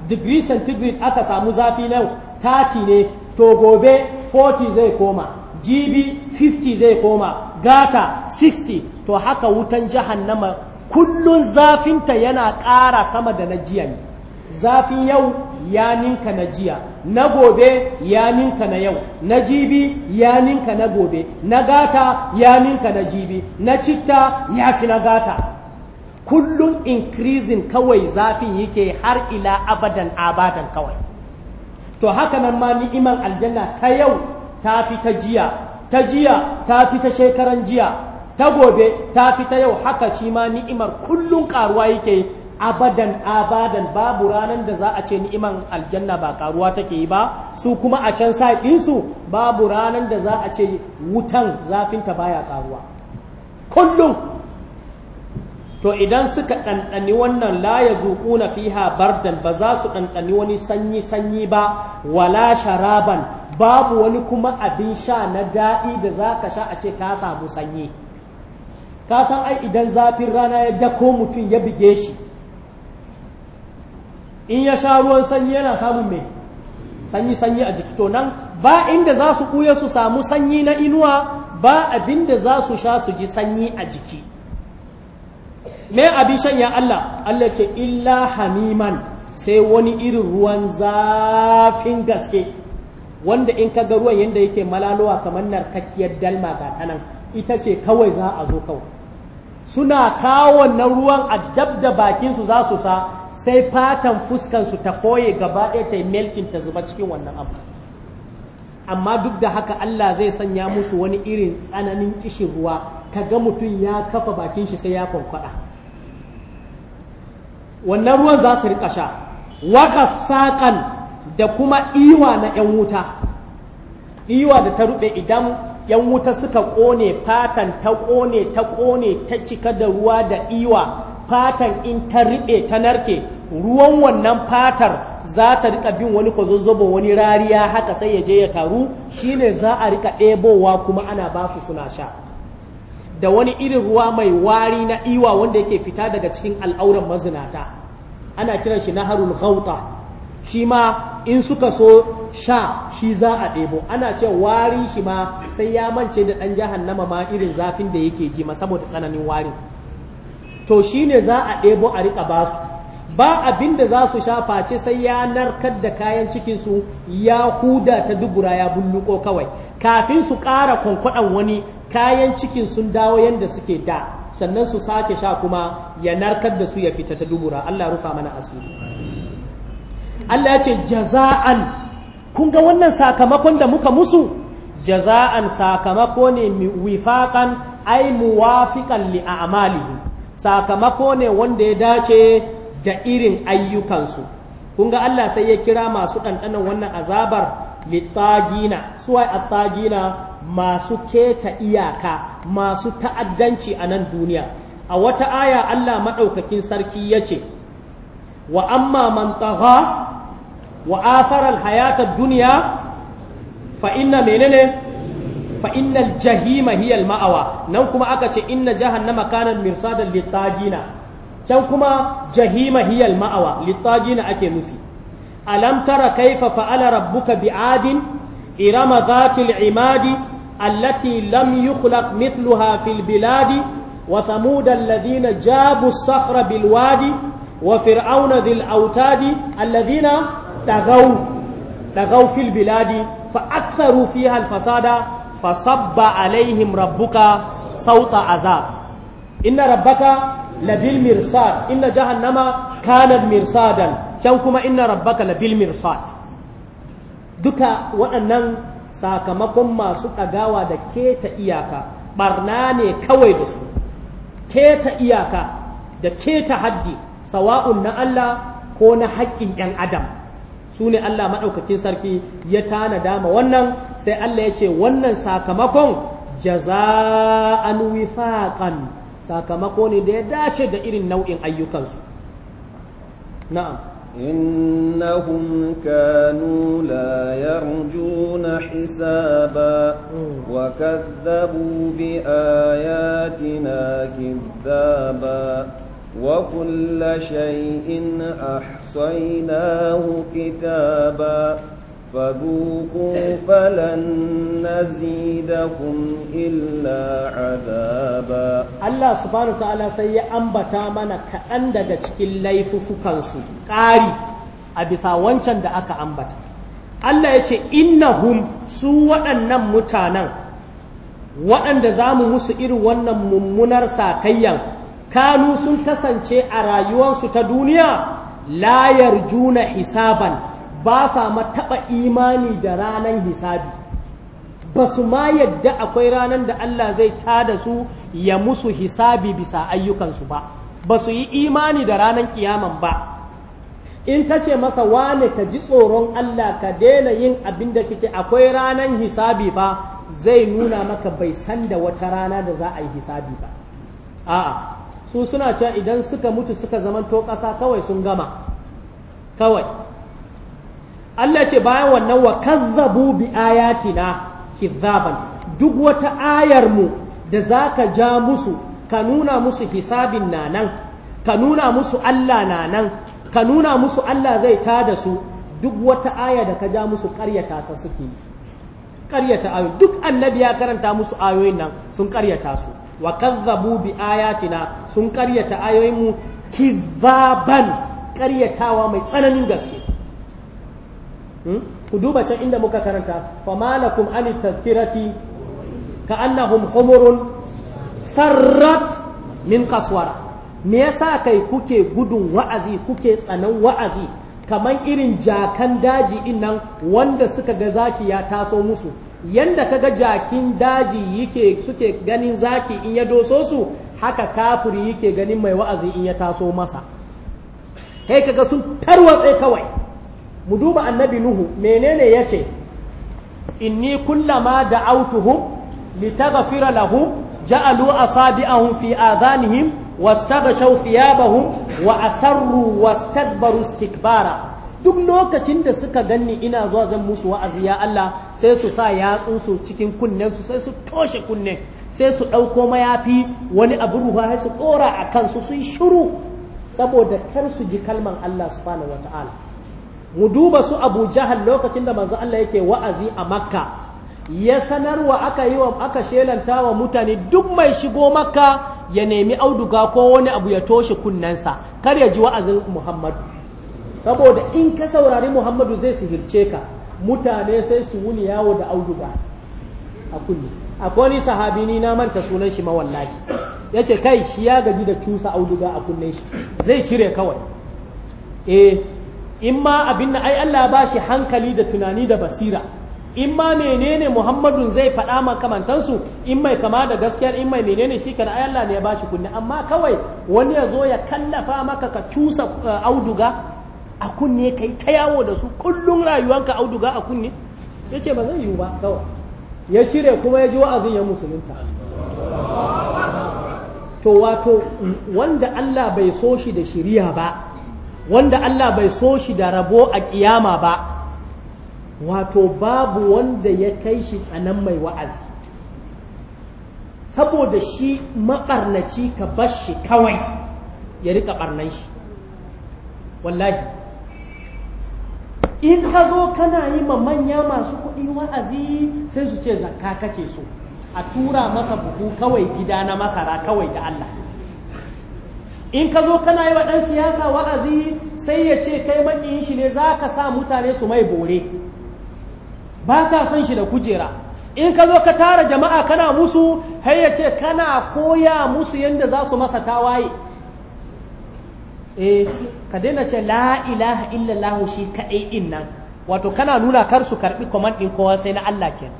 degree centigrade aka samu zafi na tati ne to gobe 40 zai koma gb 50 zai koma gata 60 to haka wutan jahannama kullun zafinta yana ƙara sama da na jiya ne zafin yau ya ninka na jiya na gobe ya ninka na yau na jibi ya ninka na gobe na gata ya ninka na jibi na citta ya fi na gata kullum increasing kawai zafin yake har ila abadan abadan kawai to haka nan ma ni'imar aljanna ta yau ta fi ta jiya ta jiya ta fi ta shekaran jiya ta gobe ta fita yau haka shi ma ni'imar kullum karuwa yake abadan abadan babu ranar da za a ce ni'imar aljanna ba karuwa take yi ba su kuma a can sa ɗinsu babu ranar da za a ce wutan zafinta baya karuwa kullum to idan suka ɗanɗani wannan la ya zuƙuna fiha bardan ba za su ɗanɗani wani sanyi-sanyi ba wala sharaban babu wani kuma abin sha na daɗi da za ka sha a ce ka samu sanyi kasan ai idan zafin rana ya ko mutum ya buge shi in ya sha ruwan sanyi yana samun mai sanyi sanyi a jiki to nan ba inda za su ɓuya su samu sanyi na inuwa ba abin da za su sha su ji sanyi a jiki me abin shan ya Allah Allah ce illa hamiman sai wani irin ruwan zafin gaske wanda in ka ga ruwan yadda yake malalowa kamar narkakkiyar dalma ga ta nan ita ce kawai za a zo kawai suna kawo wannan ruwan a dab da bakinsu za su sa sai fatan fuskansu ta koye gaba ɗaya ta yi melkin ta zuba cikin wannan abu amma duk da haka Allah zai sanya musu wani irin tsananin kishin ruwa ga mutum ya kafa bakin shi sai ya kwankwaɗa wannan ruwan za su riƙa sha waka saƙan da kuma iwa na ‘yan wuta, iwa da ta ruɓe idan ‘yan wuta suka ƙone fatan ta ƙone ta ƙone ta cika da ruwa da iwa fatan in ta riɓe ta narke ruwan wannan fatar za ta riƙa bin wani kwazozzobon wani rariya haka sai ya je ya taru shi ne za a riƙa ɗebowa kuma ana ba su suna sha da wani irin ruwa mai wari na iwa wanda yake fita daga cikin al'auran mazinata ana kiran shi na Harun hauta. shi ma in suka so sha shi za a ɗebo ana ce wari shi ma sai ya mance da ɗan jahannama ma irin zafin da yake ji ma saboda tsananin wari to shi ne za a ɗebo a riƙa ba su ba abin da za su sha face sai ya narkar da kayan cikinsu ya huda ta dubura ya bulluko kawai kafin su ƙara kwankwaɗan wani kayan cikin sun dawo yadda suke da sannan su sake sha kuma ya narkar da su ya fita ta dubura Allah rufa mana asiri Allah ya ce jaza'an kun ga wannan sakamakon da muka musu jaza'an sakamako ne wifaƙan ai muwafiƙan li a'malihim sakamako ne wanda ya dace da irin ayyukansu kun ga Allah sai ya kira masu ɗanɗanon wannan azabar littagina suwai attagina masu keta iyaka masu ta'addanci a nan duniya a wata aya Allah maɗaukakin sarki ya ce wa amma man tagha wa athara hayata dunya fa inna menene fa innal jahima hiya alma'awa nan kuma aka ce inna jahannama kanat mirsadan littagina can kuma jahima hiya alma'awa littagina ake nufi alam tara kaifa fa'ala rabbuka bi'adin irama dhatil imadi allati lam yukla mithluha fil biladi wa thamud alladhina jabu safra bilwadi wa fir'auna dil autadi alladhina dagau dagau fil biladi fa aktsaru fiha hal fasada fasabba alaihim rabbuka sauta azab inna rabbaka labil mirsad inna jahannama kanat mirsadan can kuma inna rabbaka labil mirsad duka waɗannan sakamakon masu ɗagawa da keta iyaka barna ne kawai da su keta iyaka da keta haddi sawa'un na Allah ko na haƙƙin ‘yan adam su ne Allah maɗaukakin sarki ya tanada ma wannan sai Allah ya ce wannan sakamakon jaza'an wifaqan sakamako ne da ya dace da irin nau'in ayyukansu na'am إنهم yarjuna hisaba يرجون حسابا وكذبوا بآياتنا gizaba. وكل شيء أحصيناه كتابا فذوقوا فلن نزيدكم إلا عذابا الله سبحانه وتعالى سيئ أنبتا منا كأندك تكل ليف فكنسو قاري أبسا وانشان دعك أنبتا الله يقول إنهم سوء النم متانا waɗanda za mu musu irin wannan kanu sun kasance a rayuwarsu ta duniya layar juna hisaban ba sa mataɓa imani da ranar hisabi ba su ma yadda akwai ranar da Allah zai tada su ya musu hisabi bisa ayyukansu ba ba su yi imani da ranar kiyaman ba in ta ce masa wane ka ji tsoron Allah ka daina yin abin da kike akwai ranar hisabi fa zai nuna maka bai san da wata rana da za a yi hisabi ba a'a su suna cewa idan suka mutu suka zamanto ƙasa kawai sun gama kawai Allah ce bayan wannan wa kazzabu bi ayatina kizaban duk wata ayar mu da zaka ja musu ka nuna musu hisabin na nan ka nuna musu Allah na nan ka nuna musu Allah zai ta da su duk wata aya da ka ja musu ƙaryata ta suke ƙaryata ayoyi duk annabi ya karanta musu ayoyin nan sun karyata su wa kazzabu bi ayatina sun karyata ayoyinmu kizaban karyatawa mai tsananin gaske hmm? ku duba can inda muka karanta fa malakum an tazkirati ka annahum humurun farrat min qaswara me yasa kai kuke gudun wa'azi kuke tsanan wa'azi kaman irin jakan daji innan wanda suka ga zaki ya taso musu yanda kaga jakin daji yake suke ganin zaki in ya doso su haka kafiri yake ganin mai wa'azi in ya taso masa kai kaga sun tarwatse kawai mu duba annabi nuhu menene yace inni kullama da'awtuhum litaghfira lahum ja'alu asabi'ahum fi adhanihim واستغشوا ثيابهم وأسروا واستكبروا استكبارا duk lokacin da suka ganni ina zuwa zan musu wa'azi ya Allah sai su sa yatsunsu cikin kunnensu sai su toshe kunne sai su ɗauko mayafi wani abu ruwa sai su ɗora a kansu sun shiru saboda kar su ji kalman Allah subhanahu wa ta'ala mu duba su Abu Jahal lokacin da manzo Allah yake wa'azi a Makka ya sanarwa aka yi wa aka shelanta wa mutane duk mai shigo Makka ya nemi auduga ko wani abu ya toshe kunnensa kar ya ji wa'azin Muhammadu saboda in ka saurari muhammadu zai sihirce ka mutane sai su wuni yawo da auduga a kulle akwai wani sahabini na manta sunan shi mawallahi ce kai shi ya gaji da cusa auduga a kunne shi zai cire kawai E, in ma abin na ai Allah ba shi hankali da tunani da basira in ma menene Muhammadun zai faɗa makamantansu in mai kama da gaskiyar in mai menene shi kana ai ne ya ba shi kunne amma kawai wani ya zo ya kallafa maka ka cusa eh, auduga a kunne ka yi ta yawo da su kullum rayuwanka auduga a kunne ya ce ba zai yi ba kawai ya cire kuma ya ji wa'azin ya musulunta to wato wanda Allah bai so shi da shiriya ba wanda Allah bai so shi da rabo a kiyama ba wato babu wanda ya kai shi tsanan mai wa'azi saboda shi maɓarnaci ka bar shi kawai ya rika ɓarnan shi wallahi in ka zo kana yi ma manya masu kuɗi wa'azi sai su ce zakka kake so a tura masa buhu kawai gida na masara kawai da Allah in ka zo kana yi wa ɗan siyasa wa'azi sai ya ce kai makiyin shi ne za ka sa mutane su mai bore ba ka son shi da kujera in ka zo ka tara jama'a kana musu har ya ce kana koya musu yadda za su masa tawaye eh ka daina ce la ilaha illallah shi kaɗai din nan wato kana nuna kar su karbi command din kowa sai na Allah kenan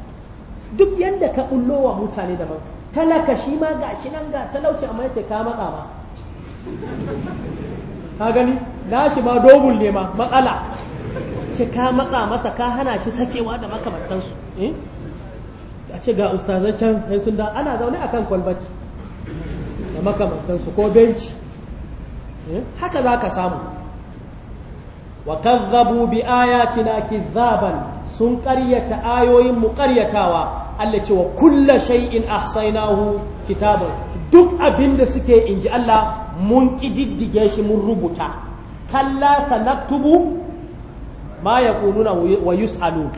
duk yanda ka ullo wa mutane daban talaka shi ma gashi nan ga talauci amma yace ka matsa ma ka gani shi ma dobul ne ma matsala ce ka matsa masa ka hana shi sakewa da makamantansu eh a ce ga ustazai can sai sun da ana zaune akan kwalbati da makamantansu ko benci haka za ka samu wa kazzabu bi ayatina kizzaban sun ƙaryata ayoyin mu ƙaryatawa Allah ce wa kulla shay'in ahsaynahu kitaban duk abinda suke inji Allah mun kididdige shi mun rubuta kalla sanaktubu ma yaquluna wa yus'alu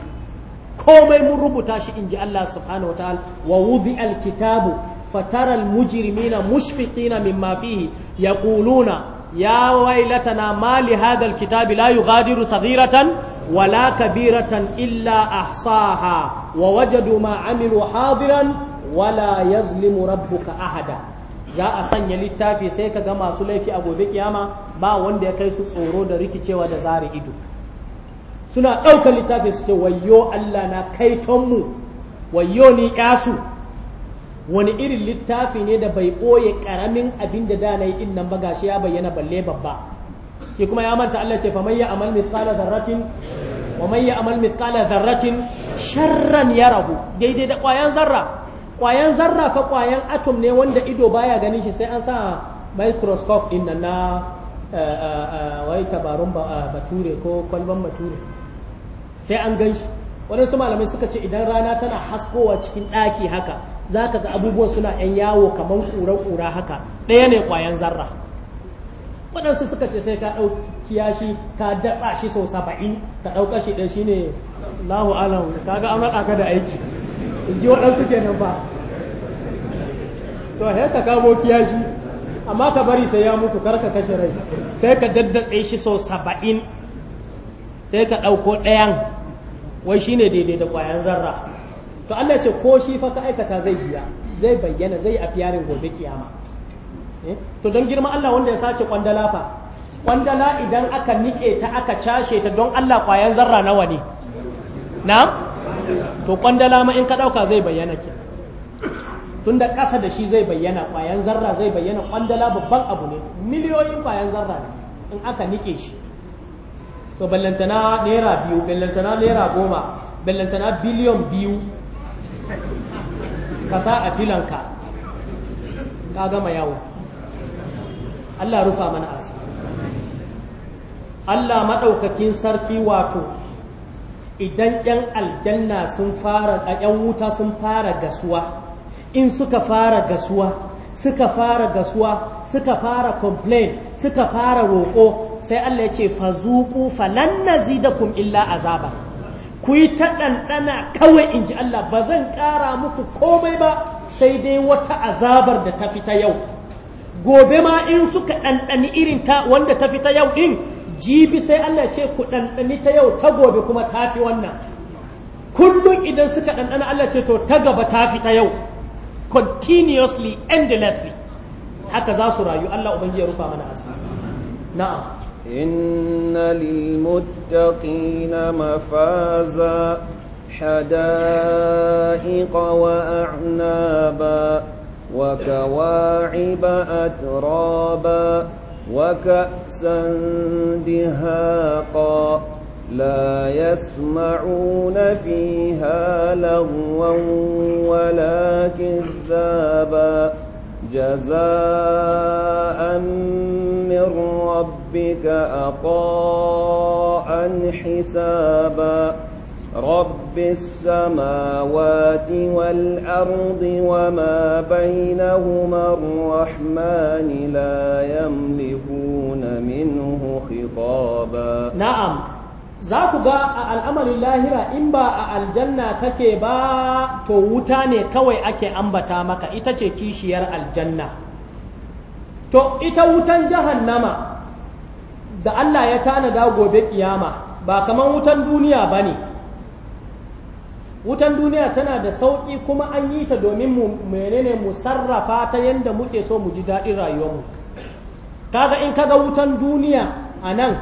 komai mun rubuta shi inji Allah subhanahu wataala wa wudi alkitabu fatara almujrimina mushfiqina mimma fihi yaquluna ya wailatana ma li hadha alkitabi la yughadiru saghiratan wala kabiratan illa asaha wa wajadu ma amilu hadiran wala yazlimu rabbuka ahada za a sanya littafi sai ka ga masu laifi a gobe ƙiyama ba wanda ya kai su tsoro da rikicewa da zare ido suna ɗaukar littafi suke ce wayyo Allah na kai kaitonmu wayyo ni yasu wani irin littafi ne da bai ɓoye ƙaramin abin da da na yi ɗin nan ba shi ya bayyana balle babba shi kuma ya manta Allah ce faman ya amal misqala zarratin wa man ya amal misqala zarratin sharran yarahu daidai da ƙwayan zarra ƙwayan zarra fa ƙwayan atom ne wanda ido baya ganin shi sai an sa microscope din nan na eh, eh, eh, wai tabarun bature ko kwalban bature sai an gan shi waɗansu malamai suka ce idan rana tana haskowa cikin ɗaki haka za ka ga abubuwan suna ‘yan yawo kamar ƙura-ƙura haka ɗaya ne ƙwayan zarra waɗansu suka ce sai ka ɗauki shi ka datsa shi sau saba'in ka ɗauka shi shi ne lahu alamu ka ga an raɗa da aiki in ji waɗansu nan ba to he ka kiya kiyashi amma ka bari sai ya mutu kar ka kashe rai sai ka daddatse shi sau saba'in sai ka ɗauko ɗayan wai shine daidai da ƙwayan zarra to Allah ce ko shi fa ka aikata zai biya zai bayyana zai a fiyarin gobe kiyama eh? to don girma Allah wanda ya sace kwandala fa kwandala idan aka nike ta aka cashe ta don Allah kwayan zarra nawa ne na to kwandala ma in ka dauka zai bayyana ke tunda kasa da shi zai bayyana kwayan zarra zai bayyana kwandala babban abu ne miliyoyin kwayan zarra ne in aka nike shi so ballantana naira biyu ballantana naira goma ballantana biliyon biyu ka sa a filanka ka gama yawo Allah rufa mana asu Allah maɗaukakin sarki wato idan 'yan aljanna sun fara a 'yan wuta sun fara gasuwa in suka fara gasuwa suka fara gasuwa suka fara complain suka fara roƙo sai Allah ya ce fa fa da nazidakum illa azaba ku yi ta ɗanɗana kawai in ji Allah ba zan ƙara muku komai ba sai dai wata azabar da ta fita yau gobe ma in suka ɗanɗani irin ta wanda ta fita yau ɗin jibi sai Allah ce ku ɗanɗani ta yau ta gobe kuma ta fi wannan kullum idan suka ɗanɗana Allah ce to ta gaba ta fita yau continuously endlessly haka za su rayu Allah ubangiji ya rufa mana asiri na'am إن للمتقين مفازا حدائق وأعنابا وكواعب أترابا وكأسا دهاقا لا يسمعون فيها لغوا ولا كذابا جزاء من ربك أقاء حسابا رب السماوات والأرض وما بينهما الرحمن لا يملكون منه خطابا نعم za ku ga a al'amarin lahira in ba a aljanna kake ba to wuta ne kawai ake ambata maka ita ce kishiyar aljanna to ita wutan jahannama da Allah ya tanada gobe kiyama ba kaman wutan duniya ba ne wutan duniya tana da sauƙi kuma an yi ta domin mu menene mu sarrafa ta yadda muke so mu ji daɗin rayuwarmu kaga in kaga wutan duniya a nan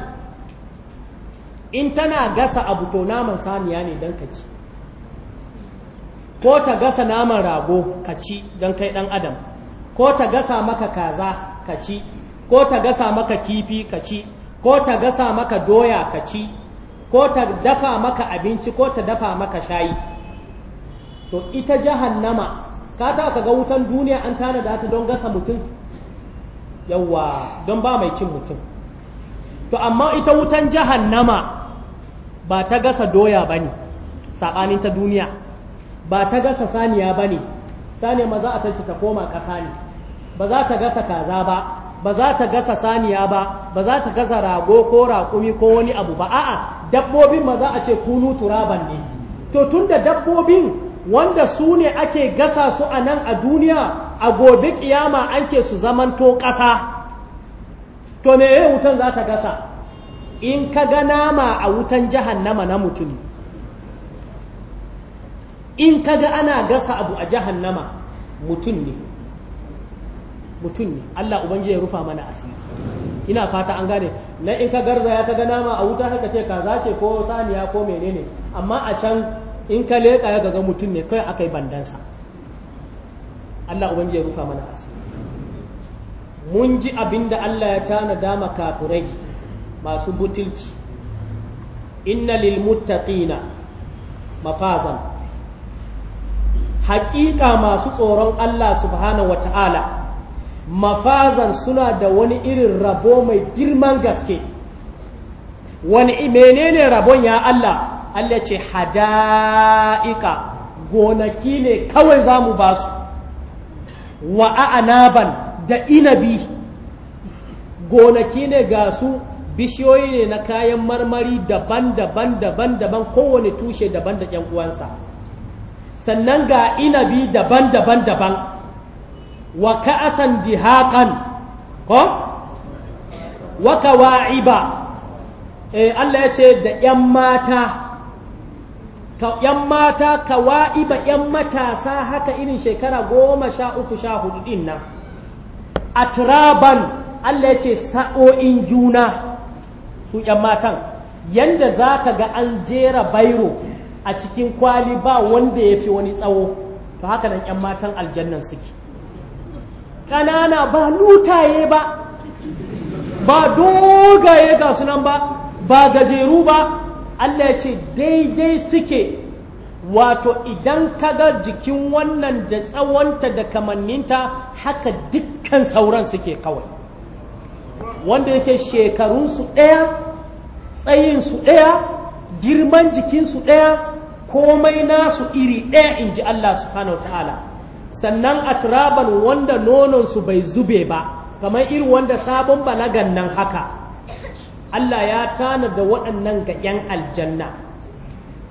in tana gasa abu to naman saniya ne don ka ci ko ta gasa naman rago ka ci don kai ɗan adam ko ta gasa maka kaza ka ci ko ta gasa maka kifi ka ci ko ta gasa maka doya ka ci ko ta dafa maka abinci ko ta dafa maka shayi to ita jahannama ka ta ka ga wutan duniya an tana da ta don gasa mutum yawwa don ba mai cin mutum to amma ita wutan jahannama ba ta gasa doya ba ne saɓanin ta duniya ba ta gasa saniya ba ne saniya ma za a tashi ta koma ƙasa ne ba za ta gasa kaza ba ba za ta gasa saniya ba ba za ta gasa rago ko raƙumi ko wani abu ba a'a dabbobin ma za a ce kunu turaban ne to tunda dabbobin wanda su ne ake gasa su a nan a duniya a gobe kiyama an ce su zamanto ƙasa to me wutan za ta gasa in ka ga nama a wutan jahannama na mutum in ka ga ana gasa abu a jahannama mutum ne mutum ne Allah ubangiji ya rufa mana asiri ina fata an gane na in ka ya ya ga nama a wuta haka ce kaza ce ko saniya ko menene amma a can in ka leka ya ga mutum ne kai akai bandansa Allah ubangiji ya rufa mana asiri mun ji abinda Allah ya tana dama kafirai masu butilci inna lil muttaqina mafazan haƙiƙa masu tsoron Allah subhanahu ta'ala. mafazan suna da wani irin rabo mai girman gaske wani menene rabon ya Allah Allah ce hada'ika gonaki ne kawai za mu ba su wa da inabi gonaki ne ga su bishiyoyi ne na kayan marmari daban-daban daban-daban kowane tushe daban da uwansa sannan ga inabi daban-daban daban wa ka'asan dihaqan ko wa kawa'iba eh Allah ya ce da yan mata ka yan mata kawa'iba yan matasa haka irin shekara goma sha uku sha hudu din nan atraban Allah ya ce sa'o'in juna su yan matan yanda za ka ga an jera bairo a cikin kwali ba wanda ya fi wani tsawo to haka nan yan matan aljannan suke ƙanana ba lutaye ba ba dogaye ga sunan ba ba gajeru ba Allah ya ce daidai suke wato idan kaga jikin wannan da tsawonta da kamanninta haka dukkan sauran suke kawai wanda yake shekarunsu ɗaya tsayinsu ɗaya girman jikinsu ɗaya komai nasu iri ɗaya in ji Allah subhanahu wa ta'ala sannan a turaban wanda nononsu bai zube ba kamar irin wanda sabon balagan nan haka Allah ya tana da waɗannan ga 'yan aljanna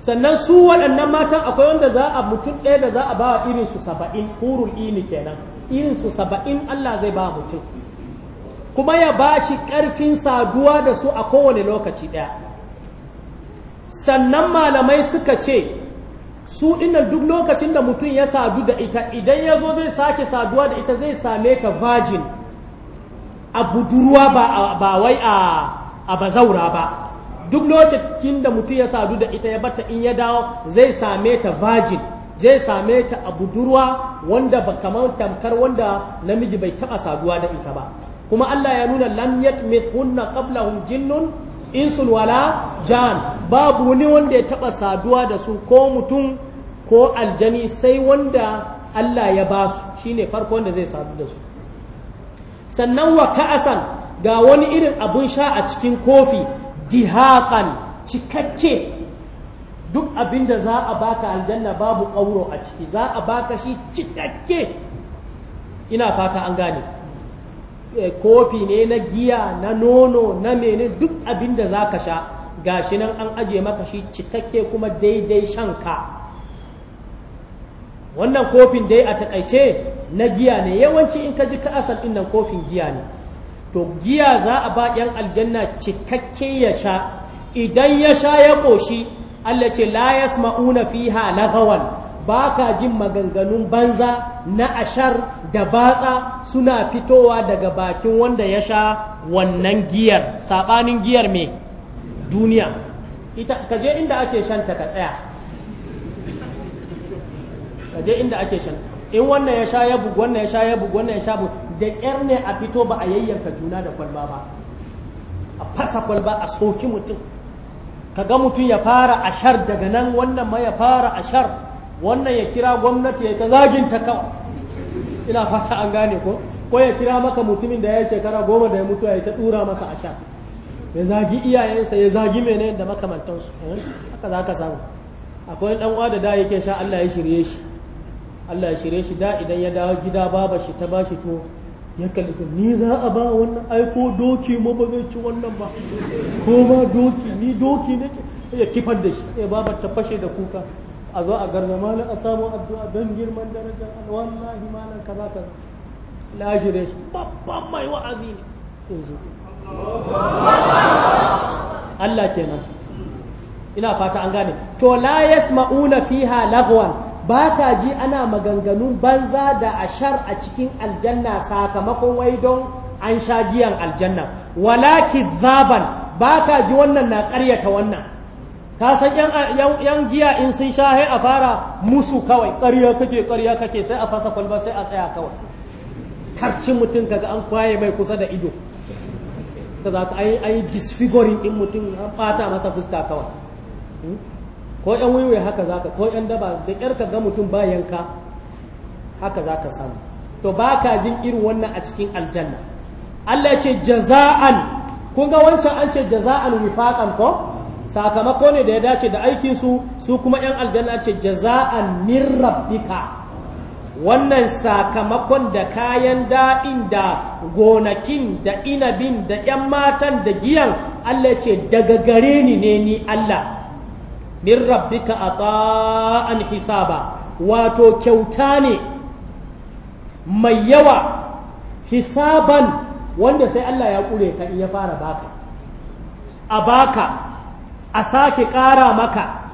sannan su waɗannan matan akwai wanda za a mutum ɗaya da za a ba wa su saba'in hurul ini kenan irinsu saba'in Allah zai ba mutum kuma ya ba shi ƙarfin saduwa da su a kowane lokaci ɗaya sannan malamai suka ce su dinnan duk lokacin da mutum ya sadu da ita idan ya zo zai sake saduwa da ita zai same ka virgin a budurwa ba wai a bazaura ba duk lokacin da mutum ya sadu da ita ya bata in ya dawo zai same ta virgin zai same ta a budurwa wanda ba kamar tamkar wanda namiji bai taba saduwa da ita ba kuma Allah ya nuna lam yatmithunna qablahum jinnun insun wala jan babu wani wanda ya taba saduwa da su ko mutum ko aljani sai wanda Allah ya ba su shine farko wanda zai sadu da su sannan wa ka'asan ga wani irin abun sha a cikin kofi dihaqan, cikakke duk abin da za a baka aljanna babu ƙauro a ciki za a baka shi cikakke ina fata an gane Eh, kofi ne na giya na nono na mene duk abin da za ka sha gashi nan an ajiye maka shi cikakke kuma daidai shan ka. wannan kofin dai a takaice na giya ne yawanci in ka ji ka asal ɗin nan kofin giya ne to giya za a ba 'yan aljanna cikakke ya sha idan ya sha ya ƙoshi Allah ce la yasma'una fiha lagawan ba ka jin maganganun banza na ashar da batsa suna fitowa daga bakin wanda ya sha wannan giyar Sabanin giyar mai duniya ita ka je inda ake shanta ka tsaya ka je inda ake shanta in wannan ya sha ya bugu wannan ya sha ya bugu wannan ya sha bugu da ƙyar ne a fito ba a yayyanka juna da kwalba ba a fasa kwalba a soki mutum ka ga mutum ya fara ashar daga nan wannan ma ya fara ashar wannan ya kira gwamnati ya ta zagin ta kawa. ina fata an gane ko ko ya kira maka mutumin da ya yi shekara goma da ya mutu ya ta dura masa a sha ya zagi iyayensa ya zagi mene da makamantansu eh, haka za ka samu akwai dan uwa da da yake sha Allah ya shirye shi Allah ya shirye shi da idan ya dawo gida baba shi ta bashi to ya kalli ni za a ba wannan aiko doki ma ba zai ci wannan ba ko ma doki ni doki nake ya kifar da shi ya baba ta fashe da kuka a zo a garna malam a samu addu'a don girman darajar wallahi malam kaza kaza lashire shi babban mai wa'azi ne yanzu Allah kenan ina fata an gane to la yasma'una fiha lagwan ba ta ji ana maganganun banza da ashar a cikin aljanna sakamakon wai don an sha giyan aljanna wala kizaban ba ta ji wannan na karyata wannan ka san yan giya in sun sha hai a fara musu kawai ƙarya kake ƙarya kake sai a fasa kwalba sai a tsaya kawai karci mutum kaga an kwaye mai kusa da ido ta za ka ai disfiguring in mutum an ɓata masa fuska kawai hmm? ko yan wiwi haka zaka ko yan daba da ƙyar ka ga mutum ba yanka haka zaka samu to ba ka jin irin wannan a cikin aljanna Allah ya ce jaza'an kun ga wancan an ce jaza'an wifaqan ko sakamako ne da ya dace da aikinsu su kuma 'yan aljanna ce jaza'an min rabbika wannan sakamakon da kayan daɗin da gonakin da inabin da 'yan matan da giyan Allah ce daga gare ni ne ni Allah min rabbika a ta'an hisaba wato kyauta ne mai yawa hisaban wanda sai Allah ya ƙure ka iya fara baka a baka a sake ƙara maka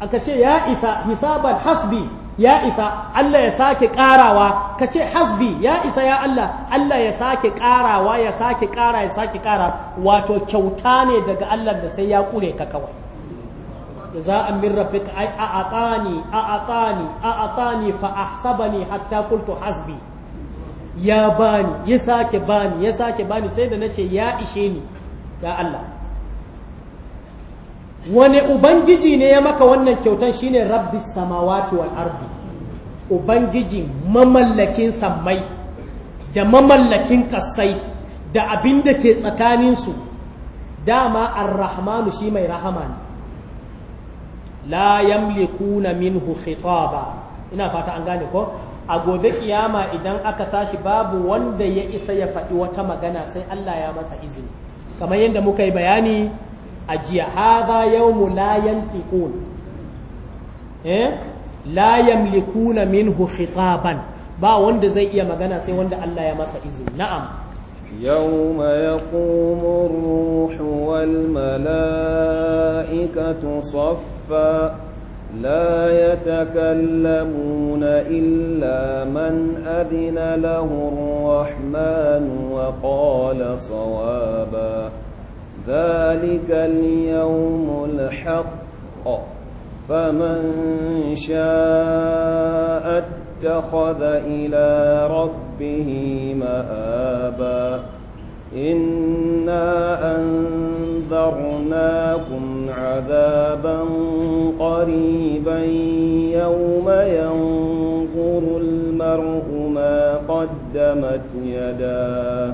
aka ce ya isa hisaban hasbi ya isa Allah ya sake ƙarawa ka ce hasbi ya isa ya Allah Allah ya sake ƙarawa ya sake ƙara ya sake ƙara wato kyauta ne daga Allah da sai ya ƙure ka kawai Da za a a a min rabbi ka a من ربك أي أعطاني أعطاني أعطاني فأحسبني حتى قلت حسبي يا باني يساك باني يساك باني سيدنا ya ishe ni, يا Allah. Wani ubangiji ne ya maka wannan kyautan shine rabbi samawati wal ardi ubangiji mamallakin sammai da mamallakin kasai da abin da ke tsakaninsu dama arrahmanu shi mai rahama ne la yamlikuna minhu khitaba ina fata an gane ko a gobe kiyama idan aka tashi babu wanda ya isa ya faɗi wata magana sai Allah ya masa izini kamar yadda muka yi bayani a jiya hadha yawmu la yantiqun eh la yamlikuna minhu khitaban ba wanda zai iya magana sai wanda Allah ya masa izini na'am يوم يقوم الروح والملائكة صفا لا يتكلمون إلا من أذن له الرحمن وقال صوابا ذلك اليوم الحق فمن شاء اتخذ إلى ربه مآبا إنا أنذرناكم عذابا قريبا يوم ينظر المرء ما قدمت يداه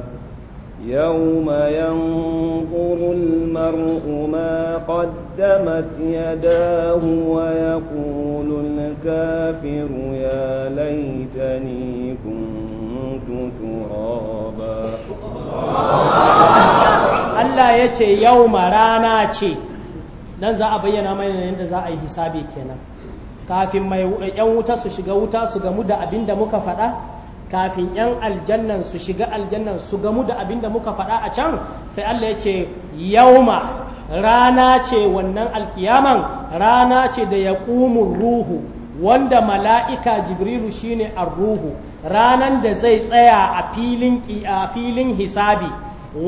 يوم ينظر المرء ما قدمت يداه ويقول الكافر يا ليتني كنت ترابا Allah ya ce yau rana ce nan za a bayyana mana yadda za a yi hisabi kenan kafin mai yan wuta su shiga wuta su gamu da abin da muka faɗa kafin yan aljannan su shiga aljannan su gamu da abin da muka faɗa a can sai Allah ya ce yauma rana ce wannan alkiyaman rana ce da ya ruhu wanda mala'ika jibrilu shine ruhu ranan da zai tsaya a filin a filin hisabi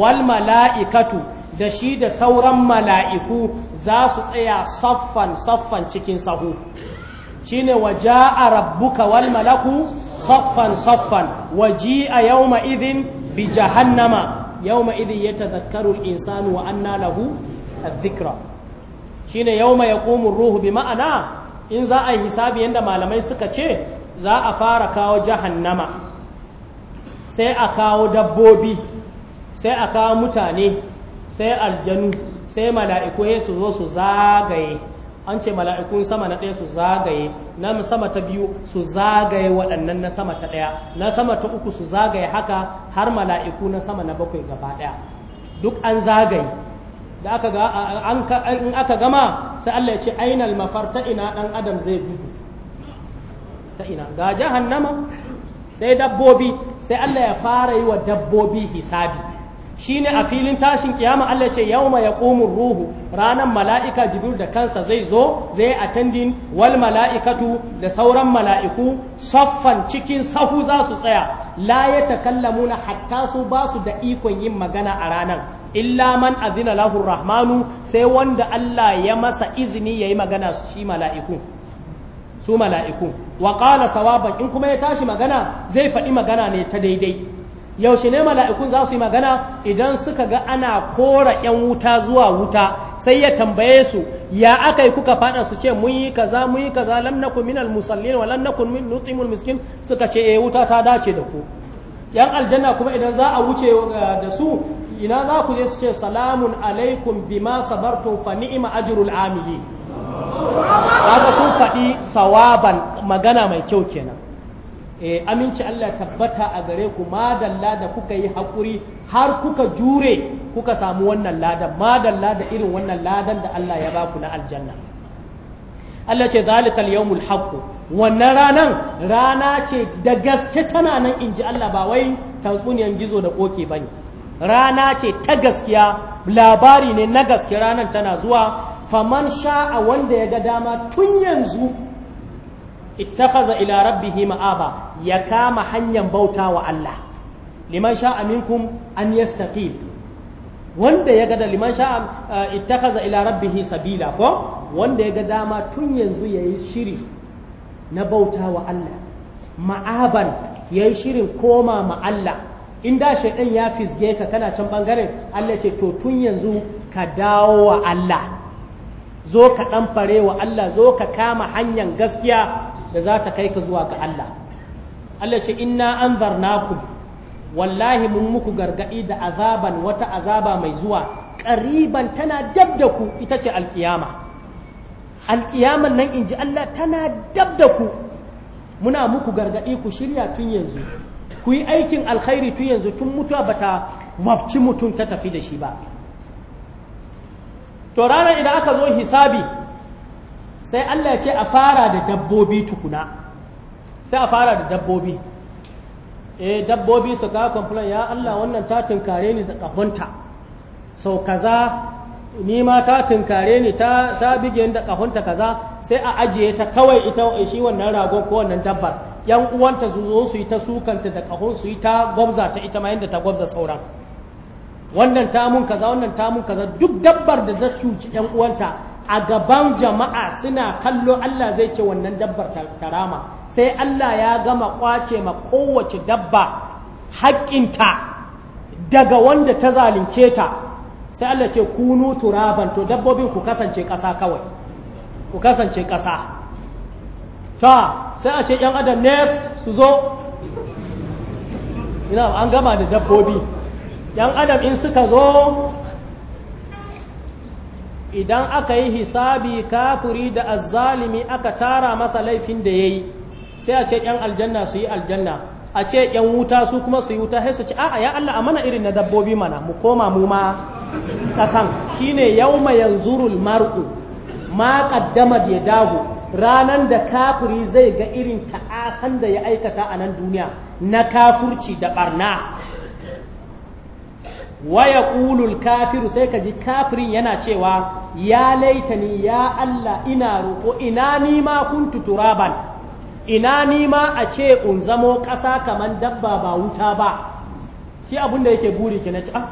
wal mala'ikatu da shi da sauran mala'iku za su tsaya saffan saffan cikin sahu shine a rabbuka wal malaku saffan saffan waji'a yawma idhin bi jahannama yawma idhin yatadhakkaru al insanu wa anna lahu Shi ne yau yawma yaqumu ruhu bi ma'ana in za a yi hisabi yadda malamai suka ce za a fara kawo jahannama sai a kawo dabbobi sai a kawo mutane sai aljanu sai mala'iku su zo su zagaye an ce mala'ikun sama na ɗaya su zagaye na sama ta biyu su zagaye waɗannan na sama ta ɗaya na sama ta uku su zagaye haka har mala'iku na sama na bakwai gaba ɗaya duk an zagaye da aka in aka gama sai Allah ya ce ainal mafar ta ina ɗan adam zai gudu ta ina ga jahannama sai dabbobi sai Allah ya fara yi wa dabbobi hisabi shine a filin tashin kiyama Allah ce yauma yaqumur ruhu ranan mala'ika jibril da kansa zai zo zai attending wal mala'ikatu da sauran mala'iku saffan cikin sahu za su tsaya la yatakallamuna hatta su ba su da ikon yin magana a ranan illa man azina lahu rahmanu sai wanda Allah ya masa izini yayi magana su shi mala'iku su mala'iku wa qala sawaban in kuma ya tashi magana zai faɗi magana ne ta daidai yaushe ne mala'ikun za su yi magana idan suka ga ana kora 'yan wuta zuwa wuta sai ya tambaye su ya aka yi kuka fada su ce mun yi kaza mun yi kaza lam nakun minal musallin wa lam nakun miskin suka ce eh wuta ta dace da ku yan aljanna kuma idan za a wuce eh, da su ina za ku je su ce salamun alaikum bima sabartum fa ni'ma ajrul amili kaga sun faɗi sawaban magana mai kyau kenan Eh, aminci Allah tabbata a gare ku madalla da kuka yi haƙuri har kuka jure kuka samu wannan ladan madalla da irin wannan ladan da Allah ya ba ku na aljanna Allah ce zalikal yawmul haqq wannan ranan rana ce da gaske tana nan inji Allah ba wai tatsuniyar gizo da koke bane rana ce ta gaskiya labari ne na gaske ranan tana zuwa faman sha'a wanda ya ga dama tun yanzu ittakaza ila rabbihi ma'aba ya kama hanyar bauta wa Allah liman sha'a minkum an yastaqim wanda ya ga liman sha'a eh, ittakaza ila rabbihi sabila ko wanda ya ga dama tun yanzu yayi shiri na bauta wa Allah ma'aban yayi shirin koma ma Allah in da shaidan ya fisge ka kana can bangaren Allah ce to tun yanzu ka dawo wa Allah zo ka dan fare wa Allah zo ka kama hanyar gaskiya da za ta kai ka zuwa ga Allah Allah ce inna anzarnakum wallahi mun muku gargadi da azaban wata azaba mai zuwa ƙariban tana dab da ku ita ce alƙiyama alƙiyaman nan inji Allah tana dab da ku muna muku gargadi ku shirya tun yanzu ku yi aikin alkhairi tun yanzu tun mutuwa bata wabci mutum ta tafi da shi ba to ranar idan aka zo hisabi sai Allah ya ce a fara da dabbobi tukuna sai a fara da dabbobi eh dabbobi su ka complain ya Allah wannan ta tunkare ni da kahonta sau kaza ni ma ta tunkare ni ta bige ni da kahonta kaza sai a ajiye ta kawai ita shi wannan ragon ko wannan dabbar yan uwanta su zo su yi ta sukanta da kahon su yi ta gwabza ta ita ma yanda ta gwabza sauran wannan tamun kaza wannan tamun kaza duk dabbar da ta cuci yan uwanta a gaban jama'a suna kallo Allah zai ce wannan dabbar karama sai Allah ya gama kwace ma kowace dabba haƙƙinta daga wanda ta zalunce ta sai Allah ce kunu turaban to dabbobin ku kasance ƙasa kawai ku kasance ƙasa ta sai a ce ‘yan adam next su zo ina an gama da dabbobi ‘yan adam in suka zo idan aka yi hisabi kafuri da azzalimi aka tara masa laifin da yayi sai a ce ‘yan aljanna su yi aljanna a ce ‘yan wuta su kuma su yi wuta sai su ce a'a ya Allah a mana irin na dabbobi mana mu koma mu ma ƙasan shine yawma yanzurul mar'u ma qaddama ya dahu ranan da kafuri zai ga irin ta'asan da ya aikata a nan duniya na kafurci da barna waya ƙulul kafiru sai ka ji kafirin yana cewa ya laitani ya Allah ina roƙo ina nima kuntu turaban ina nima a ce un zamo ƙasa kamar dabba ba wuta ba shi abin da yake buri ki na ci ah,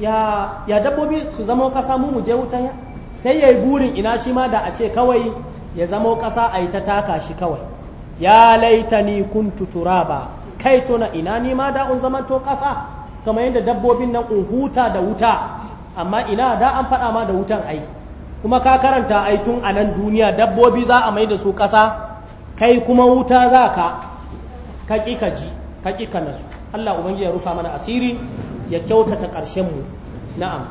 ya, ya dabbobi su zamo ƙasa mu mu je wuta ya sai ya yi burin ina shi ma da a ce kawai ya zamo ƙasa a yi ta taka shi kawai ya laitani kuntu turaba kai tona ina nima da un zamanto ƙasa kamar yadda dabbobin nan in huta da wuta amma ina da an faɗa ma da wutan ai kuma ka karanta ai tun a nan duniya dabbobi za a mai da su ƙasa kai kuma wuta za ka ka ƙi ka ji ka ƙi ka nasu Allah ubangiji ya rufa mana asiri ya kyautata karshen mu na'am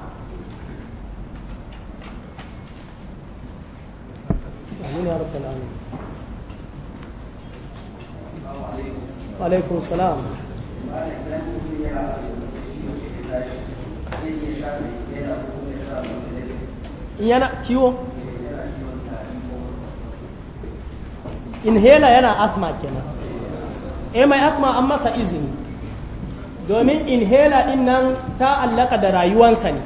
yana ciwo eh, inhaler yana asma kenan eh mai asma an masa izini domin inhaler din nan ta allaka da rayuwansa ne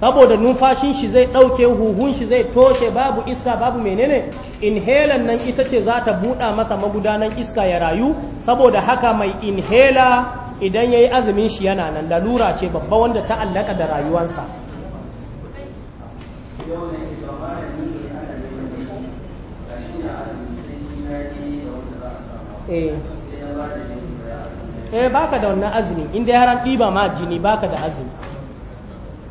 saboda numfashin shi zai ɗauke huhun shi zai toshe babu iska babu menene inhaler nan ita ce za ta buɗa masa magudanan iska ya rayu saboda haka mai inhaler idan ya yi azumin shi yana nan lalura ce babba wanda ta alaka da rayuwansa eh eh baka da wannan azumi inda yaran ɗiba ma jini baka da azumi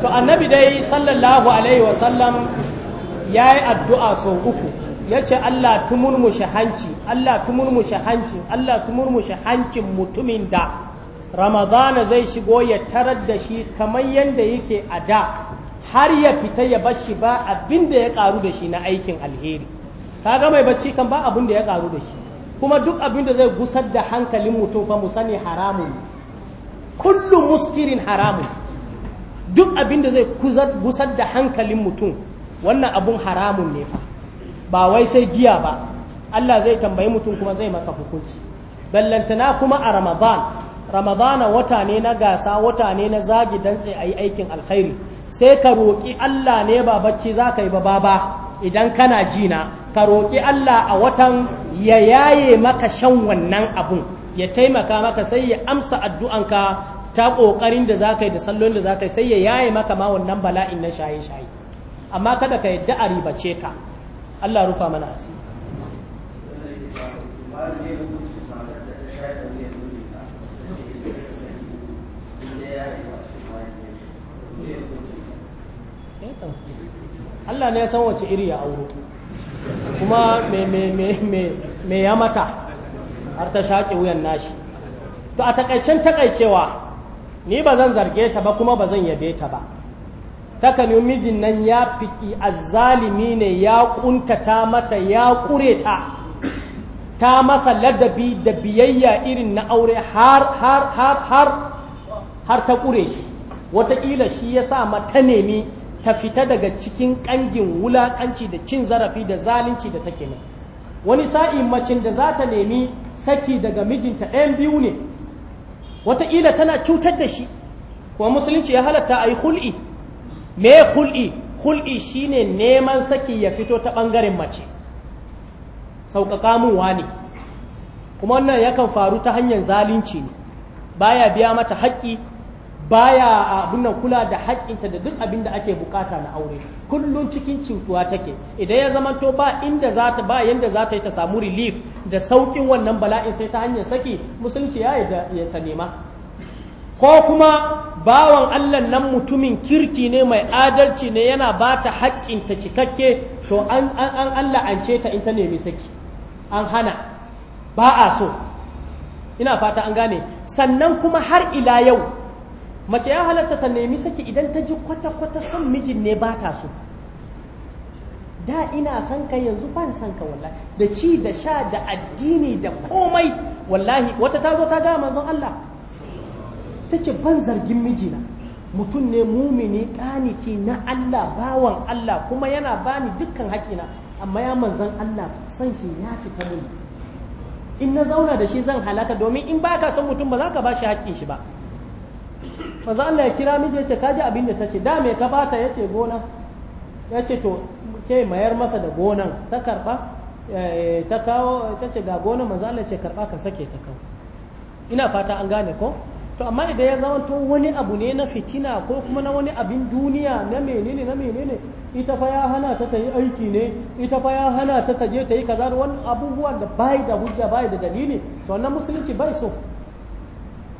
to annabi dai sallallahu alaihi wasallam ya yi addu'a sau uku ya ce Allah tumurmushe hanci Allah tumurmushe hanci Allah tumurmushe hancin mutumin da ramadana zai shigo ya tarar da shi kamar yadda yake a da har ya fita ya bashi ba abin da ya karu da shi na aikin alheri ga mai bacci kan ba abin da ya karu da shi kuma duk abin da zai gusar da hankalin mutum fa mu sani haramun kullum muskirin haramun duk abin da zai gusar da hankalin mutum wannan abun haramun ne fa ba wai sai giya ba Allah zai tambayi mutum kuma zai masa hukunci ballantana kuma a ramadan ramadana wata ne na gasa wata ne na zagi dantse a yi aikin alkhairi sai ka roƙi Allah ne ba bacci za ka yi ba ba idan kana jina ka roƙi Allah a watan ya yaye maka shan wannan abun ya taimaka maka sai ya amsa addu'anka ta ƙoƙarin da za ka yi da sallon da za ka yi sai ya yaye maka ma wannan bala'in na shaye-shaye amma kada ka yadda a ribace ka Allah rufa mana asiri eh Allah ne ya san wace iri ya auro kuma me ya mata har ta shaƙe wuyan nashi to a takaicen takaicewa ni ba zan zarge ta ba kuma ba zan yabe ta ba takamin mijin nan ya fiki azzalimi ne ya kuntata mata ya kure ta ta masa ladabi da biyayya irin na aure har har har har ta kure shi wataƙila shi ya sa mata nemi ta fita daga cikin ƙangin wulaƙanci da cin zarafi da zalunci da take ne wani sa'in macin da za ta nemi saki daga mijinta ɗayan biyu ne wataƙila tana cutar da shi kuma musulunci ya halatta a yi hul'i me hul'i hul'i shine neman saki ya fito ta ɓangaren mace sauƙaƙa mun wani kuma wannan yakan faru ta hanyar zalunci ne baya biya mata haƙƙi baya abin nan kula da haƙƙinta da duk abin da ake bukata na aure Kullum cikin cutuwa take idan ya zamanto ba inda za ta ba yanda za ta yi ta samu relief da sauƙin wannan bala'in sai ta hanyar saki musulunci ya yi ya ta nema ko kuma bawan Allah nan mutumin kirki ne mai adalci ne yana ba ta haƙƙinta cikakke to an an Allah an ce ta in ta nemi saki an hana ba a so ina fata an gane sannan kuma har ila yau mace ya halatta ta nemi saki idan ta ji kwata-kwata son mijin ne ba ta so da ina son ka yanzu ban son ka wallahi da ci da sha da addini da komai wallahi wata ta zo ta ga manzon Allah ta ce ban zargin mijina mutum ne mumini ƙaniti na Allah bawan Allah kuma yana bani dukkan haƙƙina amma ya manzon Allah san shi ya fita mun in na zauna da shi zan halaka domin in baka son mutum ba za ka ba shi haƙƙin shi ba manzo Allah ya kira miji yace kaji abin da tace da me ka bata yace gona yace to ke mayar masa da gonan ta karba eh, ta kawo ta ce ga gona manzo Allah ce karba ka sake ta kawo ina fata an gane ko to amma idan ya zama to wani abu ne na fitina ko kuma na wani abin duniya na menene na menene ita fa ya hana ta ta yi aiki ne ita fa ya hana ta ta je ta yi kaza wani abubuwan da bai da hujja bai da dalili to wannan musulunci bai so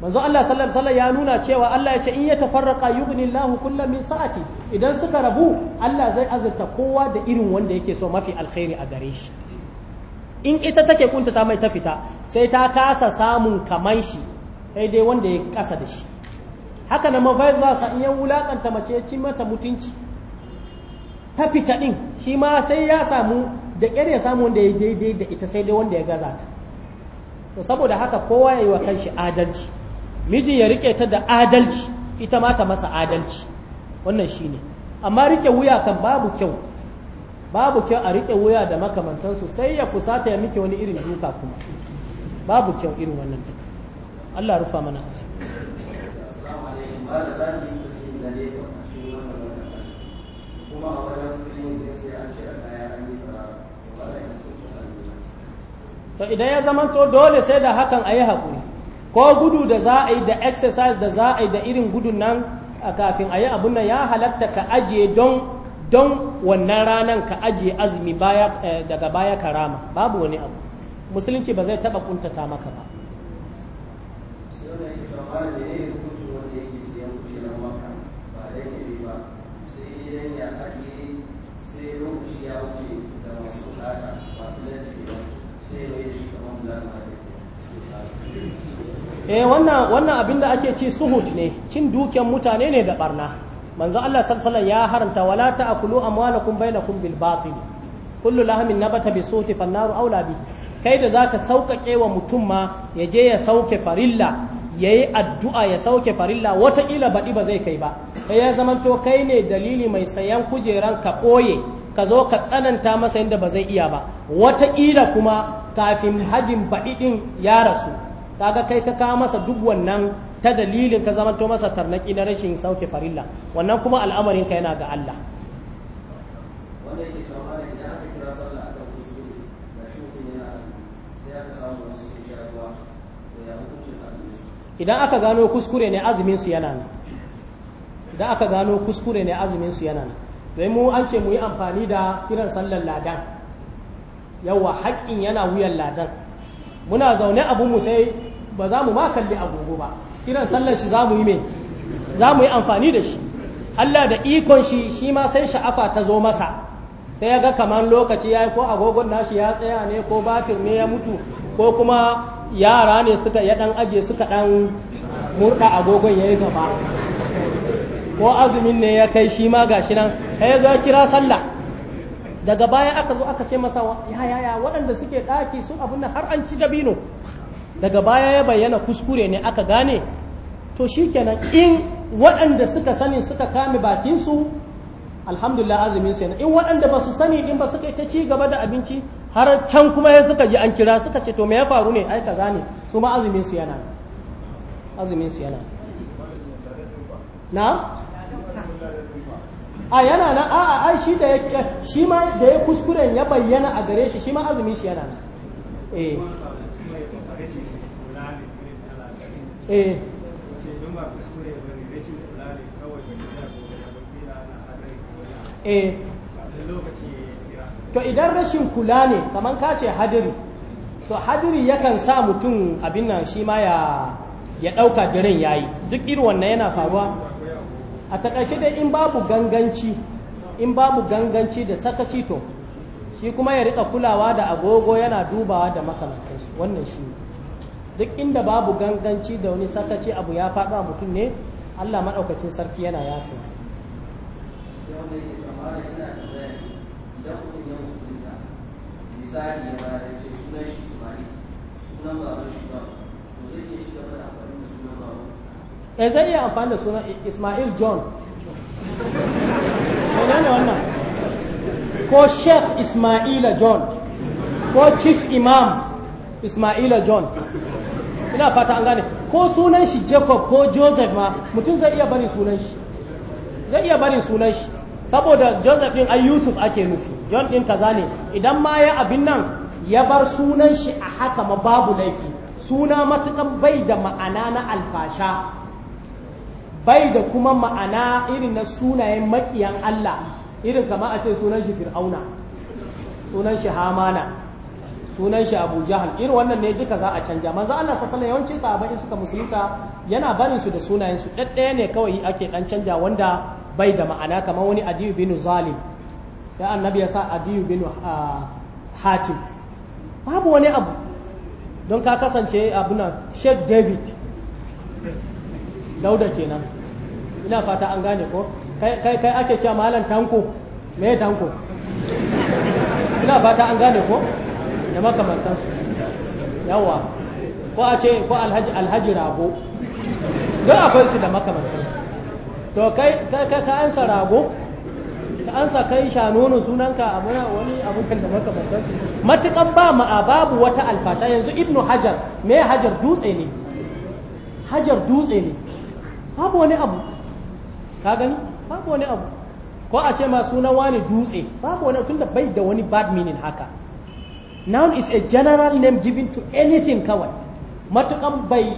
manzo Allah sallallahu alaihi wasallam ya nuna cewa Allah ya ce in yatafarraqa yughnillahu kullam min sa'ati idan suka rabu Allah zai azurta kowa da irin wanda yake so mafi alkhairi a gare shi in ita take kunta ta mai ta fita sai ta kasa samun kaman shi sai dai wanda ya kasa da shi haka na ba sa in ya wulakanta mace ya ci mata mutunci ta fita din shi ma sai ya samu da ƙyar ya samu wanda ya daidai da ita sai dai wanda ya gaza ta saboda haka kowa ya yi wa kanshi adalci mijin ya rike ta da adalci ita ma ta masa adalci wannan shi ne amma rike wuya kan babu kyau babu kyau a rike wuya da makamantansu sai ya fusata ya miki wani irin duka kuma babu kyau irin wannan duka Allah rufa mana su kuma a wajen screen kaya an yi to idan ya zamanto dole sai da hakan a yi haƙuri ko gudu da za a yi da exercise da za a yi da irin gudun nan a kafin a yi abun nan ya halatta ka ajiye don wannan ranar ka ajiye azumi baya eh, daga baya karama babu wani abu musulunci ba zai taba kuntata maka ba sai ya wuce da masu sai eh wannan wannan abin da ake ce suhut ne cin dukiyan mutane ne da barna manzo Allah sallallahu ya haramta wala ta'kulu amwalakum bainakum bil batil kullu lahamin nabata bi suti fannaru aula bi kai da zaka saukake wa mutum ma ya je ya sauke farilla yayi addu'a ya sauke farilla wata kila badi ba zai kai ba sai ya zamanto kai ne dalili mai sayan kujeran ka ɓoye ka zo ka tsananta masa yadda ba zai iya ba wataƙila kuma kafin hajin baɗiɗin ya rasu kaga kai ka kawo masa duk wannan ta dalilin ka zamanto masa tarnaki na rashin sauke farilla wannan kuma al'amarin ka yana ga Allah idan aka gano kuskure ne azumin su yana nan idan aka gano kuskure ne azumin su yana nan sai mu an ce mu yi amfani da kiran sallar ladan yawa haƙƙin yana wuyan ladan muna zaune abinmu sai ba za mu makalli kalli agogo ba kiran sallar shi za mu yi mai za mu yi amfani da shi Allah da ikon shi shi ma sai sha'afa ta zo masa sai ya ga kamar lokaci ya yi ko agogon nashi ya tsaya ne ko batir ne ya mutu ko kuma yara ne suka ya dan aje suka dan murɗa agogon ya yi gaba ko azumin ne ya kai shi ma gashi nan ya zo kira sallah daga baya aka zo aka ce masa ya ya ya waɗanda suke ɗaki sun abin nan har an ci dabino daga baya ya bayyana kuskure ne aka gane to shikenan in waɗanda suka sani suka kame su alhamdulillah azumin su in waɗanda ba su sani din ba suka ta ci gaba da abinci har can kuma ya suka ji an kira suka ce to me ya faru ne ai ka gane su ma azumin su yana azumin su yana na a yana nan a a shi da ya shi ma da ya kuskuren ya bayyana a gare shi shi ma azumin shi yana nan eh. Eh. eh to idan rashin kula ne kamar ka ce hadiri to hadiri yakan sa mutum abin nan shi ma ya ya ɗauka daren yayi duk irin wannan yana faruwa a takaice dai in babu ganganci in babu ganganci da sakaci to shi kuma ya rika kulawa da agogo yana dubawa da makamantansu wannan shi duk inda babu ganganci da wani sakaci abu ya faɗa mutum ne Allah maɗaukakin sarki yana yafe misali ya ce sunan shi sunan shi eh zai iya amfani da sunan Ismail John ne wannan ko Sheikh Ismaila John ko Chief Imam Ismaila John ina fata an gane ko sunan shi Jacob ko Joseph ma mutum zai iya bari sunan shi zai iya bari sunan shi saboda Joseph din ai Yusuf ake nufi John din kaza ne idan ma ya abin nan ya bar sunan shi a haka ma babu laifi suna matukan bai da ma'ana na alfasha bai da kuma ma'ana irin na sunayen maƙiyan Allah irin kama a ce sunan shi fir'auna sunan shi hamana sunan shi abu jahal irin wannan ne duka za a canja manzo Allah sallallahu yawanci sahabbai suka musulunta yana barin su da sunayen su ɗaɗɗaya ne kawai ake dan canja wanda bai da ma'ana kamar wani adiyu bin zalim sai annabi ya sa adiyu bin ah, hatim babu wani abu don ka kasance abu na Sheikh David dauda kenan ina fata an gane ko kai kai ake cewa malam tanko me tanko ina fata an gane ko da makamantansu yawa ko a ce ko alhaji alhaji rago don akwai su da makamantansu to kai kai ka ansa rago ka ansa kai shanono sunanka a abu wani abun abukan da makamantansu matukan ba ma'a babu wata alfasha yanzu ibnu hajar me hajar dutse ne hajar dutse ne babu wani abu ka gani babu wani abu ko a ce ma sunan wani dutse babu wani da bai da wani bad meaning haka noun is a general name given to anything kawai matukan bai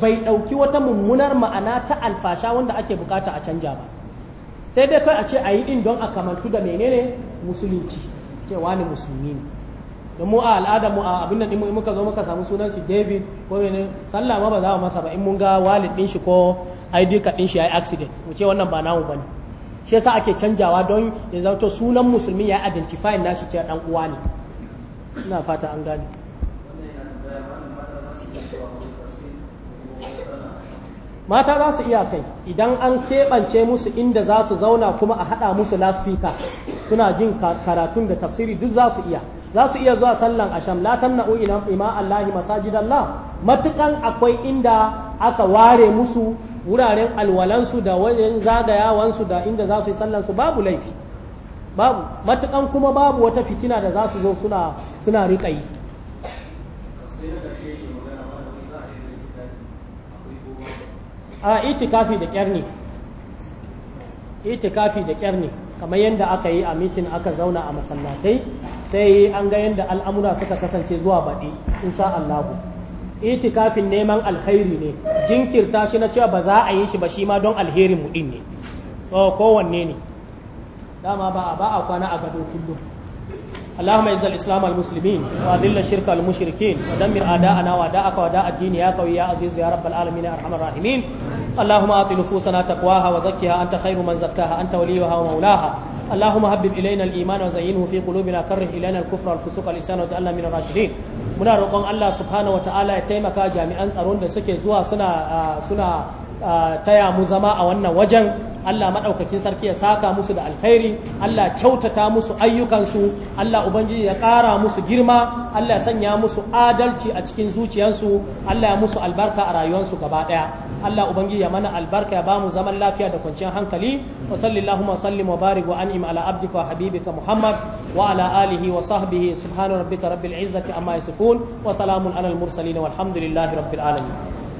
bai ɗauki wata mummunar ma'ana ta alfasha wanda ake bukata a canja ba sai dai kai a ce a yi ɗin don a kamantu da menene musulunci ce wani musulmi ne da mu a al'ada mu a abin da muka zo muka samu sunan shi david ko menene sallah ba za mu masa ba in mun ga walid din shi ko ai duka din shi yi accident mu ce wannan ba namu bane shi yasa ake canjawa don ya zanto sunan musulmi ya identify nashi cewa dan uwa ne ina fata an gane mata za su iya kai idan an keɓance musu inda za su zauna kuma a haɗa musu laspika suna jin karatun da tafsiri duk za su iya za su iya zuwa sallan asham la tamna'u ila ima Allah masajidallah matukan akwai inda aka ware musu wuraren alwalansu da wajen zagayawansu da inda za su yi sallansu babu laifi babu matukan kuma babu wata fitina da za su zo suna riƙa yi a itikafi da ƙyarni itikafi da ƙyarni kamar yadda aka yi a mitin aka zauna a masallatai sai an ga yadda al'amura suka kasance zuwa baɗi insha Allahu itikafin neman alkhairi ne jinkirta shi na cewa ba za a yi shi ba shi ma don alherin mu din ne kowanne ne dama ba a ba a kwana a gado kullum اللهم اعز الاسلام المسلمين واذل الشرك المشركين ودمر اعداءنا واعداءك واعداء الدين يا قوي يا عزيز يا رب العالمين يا ارحم الراحمين اللهم اعط نفوسنا تقواها وزكها انت خير من زكاها انت وليها ومولاها اللهم هبب إلينا الإيمان وزينه في قلوبنا كره إلينا الكفر والفسوق والإسان وجعلنا من الراشدين muna roƙon Allah subhanahu wataala ya taimaka jami'an tsaron da suke zuwa suna suna taya mu zama a wannan wajen Allah maɗaukakin sarki ya saka musu da alkhairi Allah kyautata musu ayyukansu Allah ubangiji ya ƙara musu girma Allah ya sanya musu adalci a cikin zuciyansu Allah ya musu albarka a rayuwarsu gaba ɗaya Allah ubangiji ya mana albarka ya bamu zaman lafiya da kwanciyar hankali wa sallallahu wa sallim wa barik wa an'im ala abdika wa habibika Muhammad wa ala alihi wa sahbihi subhana rabbika rabbil izzati amma yasifun wa salamun alal mursalin walhamdulillahi rabbil alamin